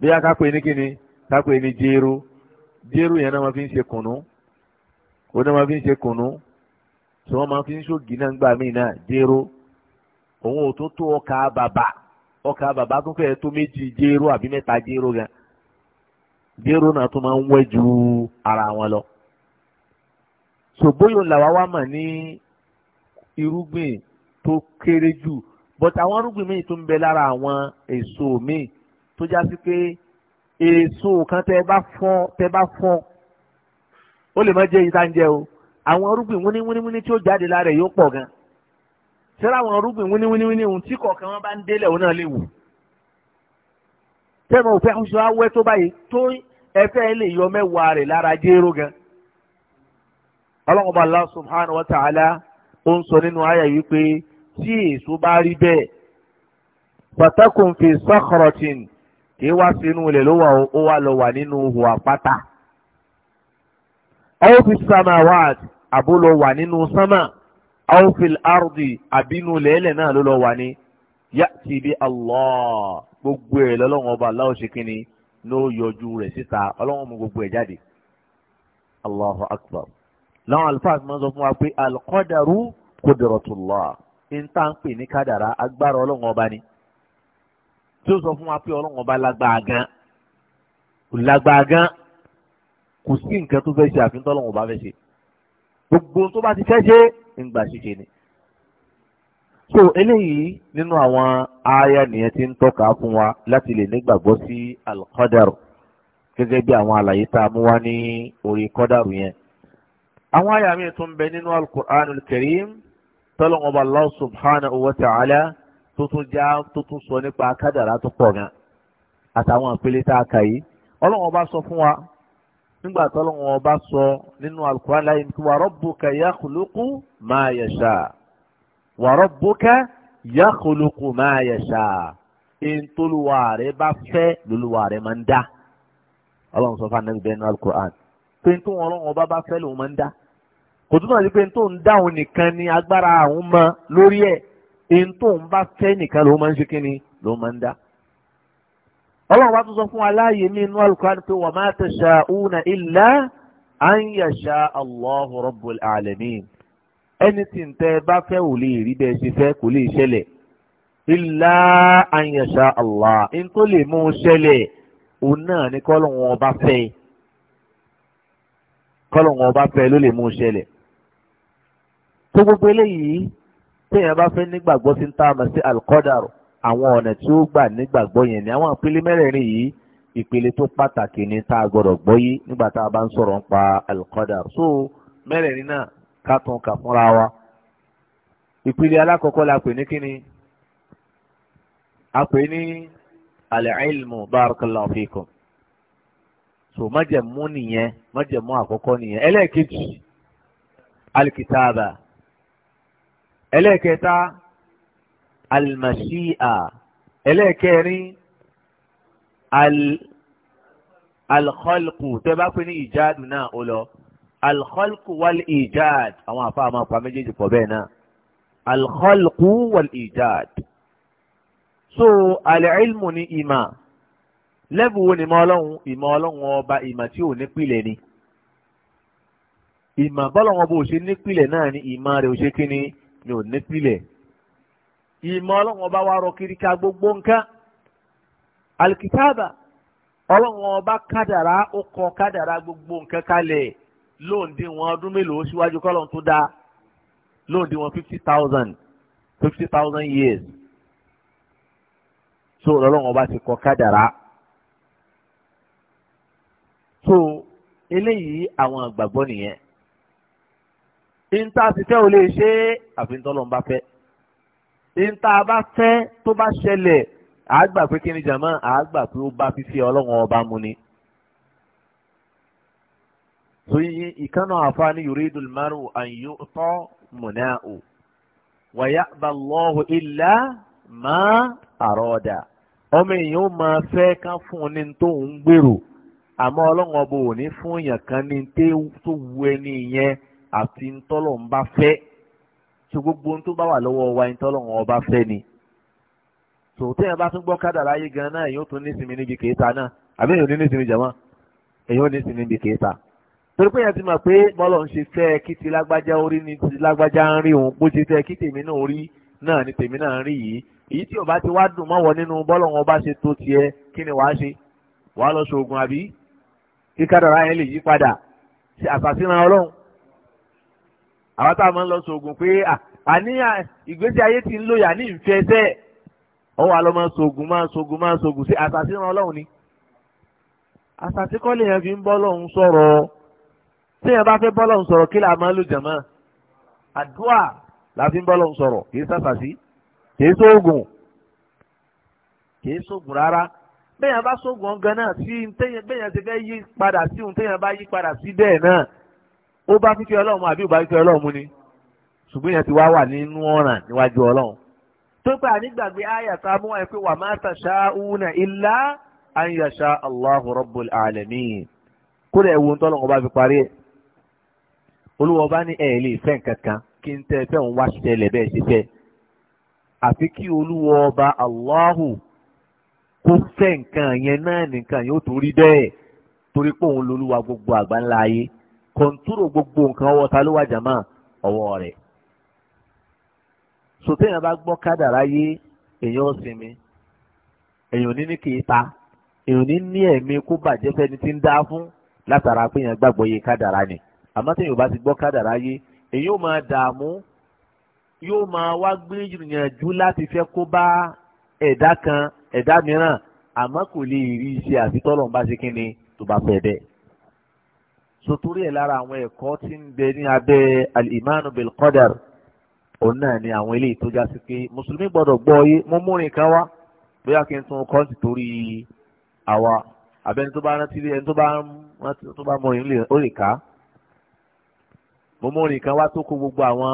bóyá ká pè ní kíni ká pè ní jéró jéró yẹn náà fi ń ṣe kùnú òun náà fi ń ṣe kùnú tí wọ́n máa fi ń ṣògì náà gbà míì náà jéró òun ò tó tó ọkà bàbà ọkà bàbà tó fẹ́ẹ́ tó méjì jéró àbí mẹ́ta jéró gan jéró náà tó máa ń wẹ́ ara wọn lọ ṣògbóyò làwa wá ma ní irúgbìn tó kéré jù but àwọn arúgbìn míì tó ń bẹ lára àwọn èso míì tó já sí pé èso kan tẹ bá fọ́n tẹ bá fọ́n ó lè má jẹ́ ìta ń jẹ o àwọn arúgbìn wíní wíní wíní tí ó jáde lára yóò pọ̀ gan sẹ́rẹ́ àwọn arúgbìn wíní wíní wíní ohun tí kọ̀ọ̀kan wọn bá ń délẹ̀ òun náà lè wù tẹ́ẹ̀mọ̀ òfin àkóso awẹ́ tó báyìí tó ẹfẹ́ lè yọ mẹ́wàá rẹ̀ lára jéró gan ọlọ́run bá Allah subhanahu wa ta'ala ó ń sọ nínú àyà yìí pé tí èso bá rí bẹ́ẹ̀ pàtàkùn fi sọ́kọ̀rọ̀tìn kì í wá sínú ilẹ̀ ló wà ó wà lọ wà nínú ihò àpáta ọ́fíì sàmà wáàd àbó lọ wà nínú sàmà ọ́fíì àrùdì àbínú lẹ́lẹ̀ náà ló lọ wà ní yàtì bí Allah gbogbo ẹ̀ lọ́lọ́wọ́n ọba aláwọ̀ ṣe kínni ló yọjú rẹ̀ síta ọlọ́wọ́n mú gbogbo ẹ̀ jáde Allahu akbar láwọn àlùfáà ti fún wa pé alqadaru qudratullah ń tá ń pè ní kádàrá agbára ọlọ́run ọba ni tí ó sọ fún wa pé ọlọ́run ọba lágbára gan kò lágbára gan kò sí nǹkan tó fẹ́ ṣe àfihàn tọ́lọ́run ọba fẹ́ ṣe gbogbo tó bá ti fẹ́ ṣe ń gbà ṣíṣe ni. so eléyìí nínú àwọn aya nìyẹn ti ń tọ́ka fún wa láti lè nígbàgbọ́ sí alqadaru gẹ́gẹ́ bí àwọn àlàyé tá a mú wá ní orí kọ́dàrú yẹn. àwọn àyà mi tún bẹ nínú alukur'anul karim tọ́lọ́n ọba Allah subhanahu wa ta'ala tó tún já tó tún sọ nípa kádàrá tó pọ̀ gan àtàwọn àpèlé tá a kà yìí ọlọ́run ọba sọ fún wa nígbà tọ́lọ́run ọba sọ nínú alukur'an láyé ní wa rabbuka yakhluqu ma yasha wa rabbuka yakhluqu ma yasha ntoluwa rẹ bá fẹ́ loluwa rẹ máa ń dá ọlọ́run sọ fún anabi bẹ́ẹ̀ ní pé ntọ́wọ́n ọlọ́run ọba bá fẹ́ lòun máa ń dá kò túmọ̀ sí pé tó ń dáhùn nìkan ni agbára àwọn mọ lórí ẹ̀ èyí tó ń bá fẹ́ nìkan ló máa ń ṣe kí ni ló máa ń dá. ọlọ́run wa tún sọ fún wa láàyè ní inú Al-Qur'an pé wa ma tasha'una illa an yasha Allahu rabbul alamin ẹni tí ń tẹ́ bá fẹ́ ò lè rí bẹ́ẹ̀ ṣe fẹ́ kò lè ṣẹlẹ̀ illa an yasha Allah ń lè mú ṣẹlẹ̀ òun náà ni kọ́lọ́run ọba fẹ́ kọ́lọ́run ọba fẹ́ ló lè mú ṣẹlẹ̀ tó gbogbo eléyìí téèyàn bá fẹ́ nígbàgbọ́ sí ń tá a mọ̀ sí alukọ́dàrú àwọn ọ̀nà tí ó gbà nígbàgbọ́ yẹn ni àwọn ìpele mẹ́rẹ̀ẹ̀rin yìí ìpele tó pàtàkì ni tá a gbọ́dọ̀ gbọ́ yé nígbà tá a bá ń sọ̀rọ̀ nípa alukọ́dàrú so mẹ́rẹ̀ẹ̀rin náà ká tún kà fúnra wa ìpele alákọ̀ọ́kọ́ la pè ní kíni a pè ní alẹ́ẹ̀lmù barakallahu fikum so májẹ̀mú nìyẹn májẹ̀mú àkọ́kọ́ nìyẹn ẹlẹ́ẹ̀kejì alikitaaba ẹlẹ́ẹ̀kẹta almasiha ẹlẹ́ẹ̀kẹrin al alkọlùkù tẹ́ bá pè ní ìjáàdù náà ó lọ alkọlùkù wal ìjáàd àwọn àfa àmọ́ pa méjèèjì pọ̀ bẹ́ẹ̀ náà alkọlùkù wal ìjáàd so alẹ́ẹ̀lmù ní ìmọ̀ lẹ́bù wo ni ìmọ̀ ọlọ́run ìmọ̀ ọlọ́run ọba ìmọ̀ tí ò ní pìlẹ̀ ni ìmọ̀ bọ́lọ̀ wọn bó ṣe nípìlẹ̀ náà ni ìmọ̀ rẹ̀ ò ṣe kí ni ni ò ní sílẹ̀ ìmọ̀ ọlọ́run ọba wa rọ kiri ká gbogbo nǹkan alikitaaba ọlọ́run ọba kádàrá ó kọ kádàrá gbogbo nǹkan kalẹ̀ lóǹdí wọn ọdún mélòó síwájú kọ́lọ́n tó dáa lóǹdí wọn fifty thousand fifty thousand years so ọlọ́run ọba ti kọ kádàrá so eléyìí àwọn àgbàgbọ́ nìyẹn níta sì fẹ́ ò lè ṣe é àfi ntọ́lọ́ bá fẹ́ níta bá fẹ́ tó bá ṣẹlẹ̀ àgbà pé kíni jàmọ́ àgbà pé ó bá fífi ọlọ́run ọba mu ni. sóyìn ìkànnà àfáàní yuridu al-mar'u an yu'ta muna'u wa ya'ba Allahu illa ma arada ọmọ èèyàn máa fẹ́ ká fún un ní tó ń gbèrò àmọ́ ọlọ́run ọba ò ní fún èèyàn kan ní tó wu ẹni yẹn àti ntọ́lọ̀ ń bá fẹ́ so gbogbo ohun tó bá wà lọ́wọ́ wa ntọ́lọ̀ ń ọba fẹ́ ni so téèyàn bá tún gbọ́ kádàrá yé gan náà èyàn tún ní sinmi níbi kèéta náà àbí èyàn ní ní sinmi jàmọ́ èyàn ní sinmi níbi kèéta torí pé èyàn ti mọ̀ pé bọ́lọ̀ ń ṣe fẹ́ kí ti lágbájá orí ni ti lágbájá ń rí òun bó ṣe fẹ́ kí tèmi náà orí náà ni tèmi náà ń rí yìí èyí tí ó bá ti wá dùn mọ́wọ́ nínú bọ́lọ̀ wọn bá ṣe tó tiẹ̀ kí ni wàá ṣe wàá lọ ṣoògùn àbí kí kádàrá yẹn lè yí padà ṣe àṣàṣìràn ọlọ́run àwọn tá a máa ń lọ sóògùn pé àníyàn ìgbésí ayé ti ń lóyà ní ìfẹ́ sẹ́ ọwọ́ àlọ́ máa sóògùn máa sóògùn máa sóògùn sí àṣàṣì ran ọlọ́run ni àṣàṣì kọ́lé yẹn fi ń bọ́ lọ́hún sọ̀rọ̀ tí yẹn bá fẹ́ bọ́ lọ́hún sọ̀rọ̀ kí làá máa lò jàmọ́ àdúà la fi ń bọ́ lọ́hún sọ̀rọ̀ kì í sàṣàṣì kì í sóògùn kì í sóògùn rárá bẹ́ẹ̀ yẹn bá sóògùn ọ̀gán náà sí bẹ́ẹ̀ yẹn ti fẹ́ yí padà sí ó bá fífẹ́ ọlọ́run mu àbí ó bá fífẹ́ ọlọ́run mu ni ṣùgbọ́n yẹn ti wá wà nínú ọ̀ràn níwájú ọlọ́run tó pé ànígbàgbé àyà tá a mú ẹ pé wà má tasha'una illa an yasha Allahu rabbul alamin kódà ẹ̀wù ń tọ́lọ́ ọba fi parí ẹ̀ olúwa bá ní ẹ̀ lè fẹ́ kankan kí n tẹ́ fẹ́ òun wá ṣẹlẹ̀ bẹ́ẹ̀ ṣe fẹ́ àfi kí olúwa ọba Allahu kó fẹ́ nǹkan yẹn náà nìkan yóò torí bẹ́ẹ̀ torí pé òun lolúwa gbogbo àgbáńlá ayé kọ̀ǹtúrò gbogbo nǹkan ọwọ́ ta ló wà jàmá ọwọ́ rẹ̀ sòtéèyàn bá gbọ́ kádàrá yé èèyàn sinmi èèyàn ní ní kì í ta èèyàn ní ní ẹ̀mí kó bàjẹ́ fẹ́ni tí ń dá fún látara pé èèyàn gbàgbọ́ yé kádàrá ni àmọ́ téèyàn bá ti gbọ́ kádàrá yé èèyàn ò máa dààmú yóò máa wá gbìyànjú láti fẹ́ kó bá ẹ̀dá kan ẹ̀dá mìíràn àmọ́ kò lè rí iṣẹ́ àfitọ́lọ́mbá ṣe kínni tó bá fẹ́ bẹ́ẹ̀ sotori ẹ̀ lára àwọn ẹ̀kọ́ tí ń bẹ ní abẹ́ al-imanu bil qadar òun náà ni àwọn eléyìí tó já sí pé mùsùlùmí gbọ́dọ̀ gbọ́ yé mo múrin kan wá bóyá kí n tún kọ́ǹtì torí àwa abẹ́ni tó bá rántí ẹni tó bá rántí tó bá mọrin ó lè ká mo múrin kan wá tó kó gbogbo àwọn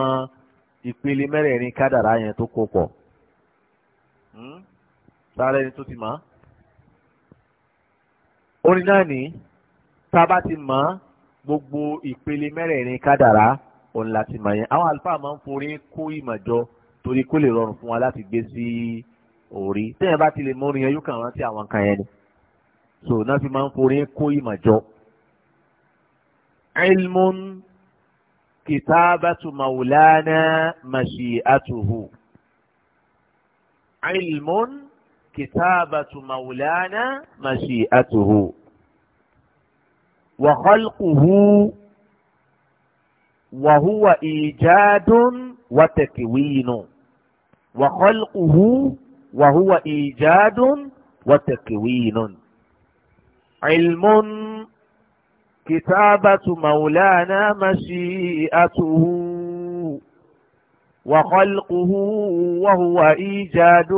ìpele mẹ́rẹ̀ẹ̀rin kádàrá yẹn tó kó pọ̀ hmm? sáré ni tó ti mọ̀ orin náà ní tá a bá ti mọ̀ gbogbo ìpele mẹ́rẹ̀ẹ̀rin kádàrá òun láti mọ̀ yẹn àwọn àlùfáà máa ń forí kó ìmọ̀ jọ torí kó lè rọrùn fún wa láti gbé sí orí tẹ́yìn bá ti lè mórí yẹn yóò kàn rántí àwọn kan yẹn ni so náà fi máa ń forí kó ìmọ̀ jọ. ilmun kitabatu maulana mashi'atuhu ilmun kitabatu maulana mashi'atuhu. وخلقه وهو إيجاد وتكوين وخلقه وهو إيجاد وتكوين علم كتابة مولانا مشيئته وخلقه وهو إيجاد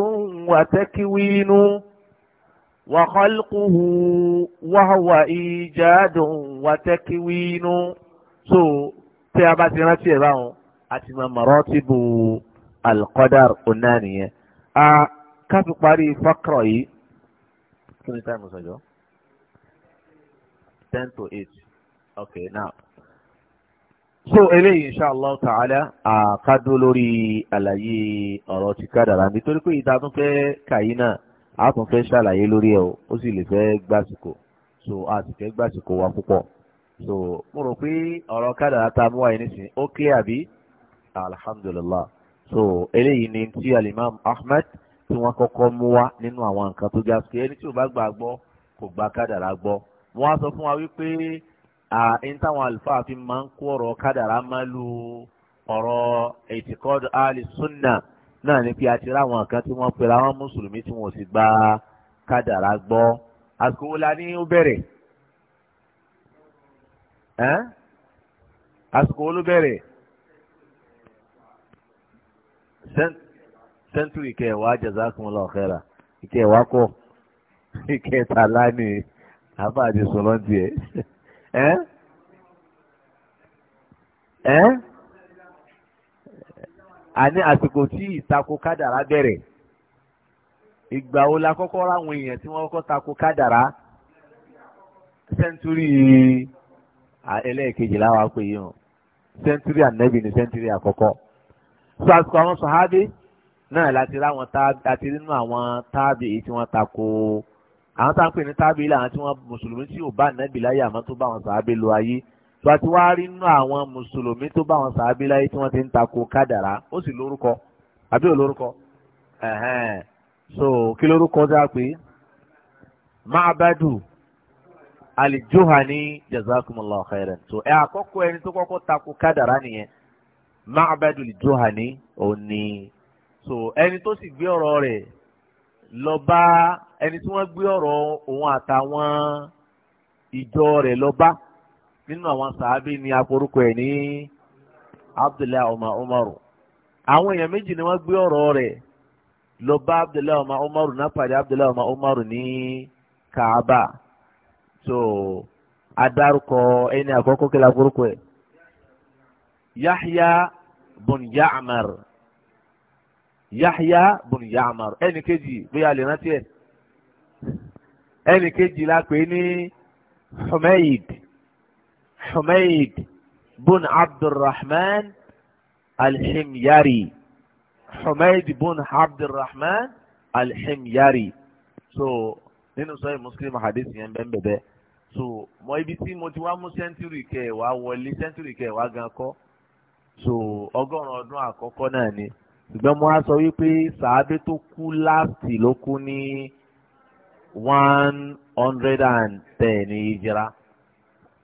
وتكوين وخلقه وهو إيجاد وتكوين so تعبت a bá ti rántí القدر báwọn àti maratibu alqadar ọ̀nà nìyẹn a káfí parí ten to eight okay now so eléyìí inshallah ta'ala àkádó lórí àlàyé ọ̀rọ̀ ti kádàrá nítorí pé ìdádúpẹ́ kàyí náà a tún fẹ́ ṣàlàyé lórí ẹ̀ o ó sì lè fẹ́ gbàsìkò so a sì fẹ́ gbàsìkò wa púpọ̀ so mo rò pé ọ̀rọ̀ kádàrá tá a mú wáyé nísìn ó clear bí alhamdulillah so eléyìí ni ti alimam ahmed tí wọ́n kọ́kọ́ mú wá nínú àwọn nǹkan tó já sí ẹni tí ò bá gbà gbọ́ kò gba kádàrá gbọ́ wọ́n á sọ fún wa wípé àyìn táwọn àlùfáà fi máa ń kó ọ̀rọ̀ kádàrá máa lu ọ̀rọ̀ ètìkọ́dù alì náà ni pé a ti ráwọn kan tí wọ́n pera wọn mùsùlùmí tí wọ́n sì gba kádàrá gbọ́ àsìkò wo la ní ó bẹ̀rẹ̀ àsìkò wo ló bẹ̀rẹ̀ sẹ́ńtúrì kẹwàá jazakumullahu khaira ìkẹwàá kọ́ ìkẹta lánìí àbáàdì sọlọ́ntì ẹ̀ àní àsìkò tí ìtako kádàrá bẹ̀rẹ̀ ìgbà wo la kọ́kọ́ ráwọn èèyàn tí wọ́n kọ́kọ́ tako kádàrá sẹ́ńtúrì ẹlẹ́ẹ̀kejì láwa pè yìí hàn sẹ́ńtúrì ànẹ́bì ni sẹ́ńtúrì àkọ́kọ́ so àsìkò àwọn sàhábì náà láti ráwọn táàbì àti nínú àwọn táàbì èyí tí wọ́n tako àwọn táàbì ní táàbì ilé àwọn tí wọ́n mùsùlùmí tí ò bá ànẹ́bì láyé àmọ́ tó bá àwọn sàhábì lo ayé gbàtí wàá rí nínú àwọn mùsùlùmí tó bá wọn sàábí láyé tí wọ́n ti ń takò kádàrá ó sì lórúkọ àbí ò lórúkọ so kí lórúkọ dáa pé maabadu alijohani jazakumullahu khairan so ẹ àkọ́kọ́ ẹni tó kọ́kọ́ takò kádàrá nìyẹn maabadu alijohani òní so ẹni tó sì gbé ọ̀rọ̀ rẹ̀ lọ bá ẹni tí wọ́n gbé ọ̀rọ̀ òun àtàwọn ìjọ rẹ̀ lọ bá. nínú àwọn sàábì ní akorúkọ ẹ̀ ní abdullahi ọmọ umaru àwọn èèyàn méjì ni wọ́n gbé ọ̀rọ̀ rẹ̀ lọ bá abdullahi ọmọ umaru náà abdullahi ọmọ umaru ní kaaba so adarúkọ ẹni àkọ́kọ́ kí lakorúkọ ẹ̀ yahya bun ya'mar yahya bun ya'mar ẹni kejì bóyá lè rántí ẹ ẹni kejì la pè ní humayid. حميد بن عبد الرحمن الحميري حميد بن عبد الرحمن الحميري so nínú sọ́yì muslim hadith yẹn bẹ́ẹ̀ bẹ́ẹ̀ so mo ibi tí mo ti wá mú sẹ́ńtúrì kẹwàá wọlé sẹ́ńtúrì kẹwàá gan kọ́ so ọgọ́rùn-ún ọdún àkọ́kọ́ náà ni ṣùgbọ́n mo á sọ wípé sàábé tó kú láàsì ló kú ní one hundred and ten ní ìjìrá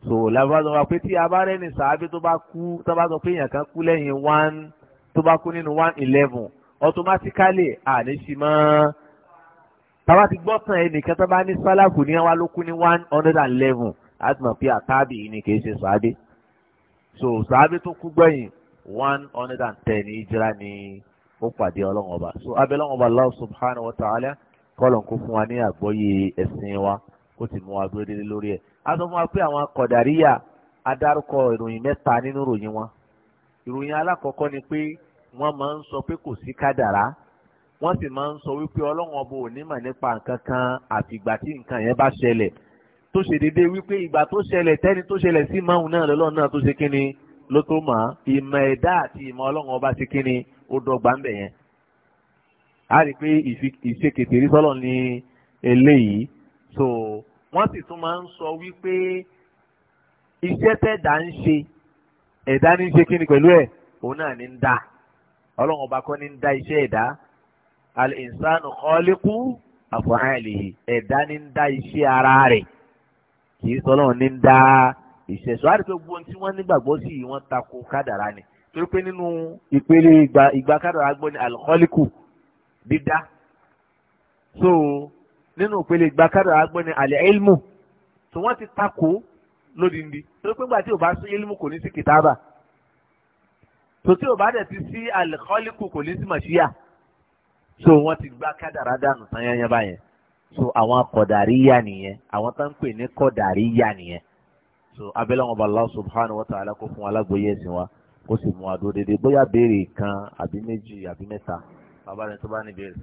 so làbá sọ pé tí a bá rẹ́ni sàábí tó bá kú tó bá sọ pé èèyàn kan kú lẹ́yìn one tó bá kú nínú one eleven automatically àní sí mọ́ táwa ti gbọ́ tán ẹnìkan tó bá ní sálàkù ní wa ló kú ní one hundred and eleven láti mọ̀ pé àtàbí ni kì í ṣe sàábí so sàábí tó kú gbẹ̀yìn one hundred and ten ìjìrá ni ó pàdé ọlọ́run so abẹ́ Allah subhanahu wa ta'ala kọ́lọ̀ ń kó fún wa ní àgbọ́yé ẹ̀sìn wa kó ti mú wa dúró délé lórí ẹ̀ a sọ fún wa pé àwọn akọ̀dàríyà adárúkọ ìròyìn mẹ́ta nínú ìròyìn wọn ìròyìn alákọ̀ọ́kọ́ ni pé wọ́n máa ń sọ pé kò sí kádàrá wọ́n sì máa ń sọ wípé ọlọ́run ọba ò ní mọ̀ nípa nǹkan kan àfìgbà tí nǹkan yẹn bá ṣẹlẹ̀ tó ṣe déédéé wípé ìgbà tó ṣẹlẹ̀ tẹ́ni tó ṣẹlẹ̀ sí máwùn náà lọ́lọ́run náà tó ṣe kíni ló tó mọ̀ ìmọ̀ ẹ̀dá àti ìmọ̀ ọlọ́run ọba ṣe kíni ó dọ́gba ń bẹ̀ yẹn. a rí i pé ìṣe kètèrí sọ́lọ̀ ni eléyìí so wọ́n sì tún máa ń sọ wípé iṣẹ́ tẹ̀dá ń ṣe ẹ̀dá ní ṣe kí ni pẹ̀lú ẹ̀ òun náà ní ń dá ọlọ́run ọba kọ́ ní ń dá iṣẹ́ ẹ̀dá al-insanu khaliqu af'alihi ẹ̀dá ní ń dá iṣẹ́ ara rẹ̀ kì í sọlọ́run ní ń dá iṣẹ́ sọ àdìpé gbogbo tí wọ́n nígbàgbọ́ sí yìí wọ́n tako kádàrá ni torí pé nínú ìpele ìgbà kádàrá gbọ́ ni al dídá so nínú ìpele ìgbàkádà agbọ́n ni àlẹ́ ilmu tí wọ́n ti takò lódìndí torí pé gbà tí o bá sí ilmu kò ní sí kìtàbà tó tí o bá dẹ̀ ti sí alikọ́líkù kò ní sí màṣíyà so wọ́n ti gbá kádàrá dànù tán yányán báyẹn so àwọn kọ̀dàríyà nìyẹn àwọn tó ń pè ní kọ̀dàríyà nìyẹn so abẹ́lẹ́ wọn bá Allah subhanahu wa ta'ala kó fún wa lágbóyè ẹ̀sìn wa kó sì mú wa dúró déédéé bóyá béèrè kan àbí méjì àbí mẹ́ta bàbá rẹ̀ tó bá ní béèrè.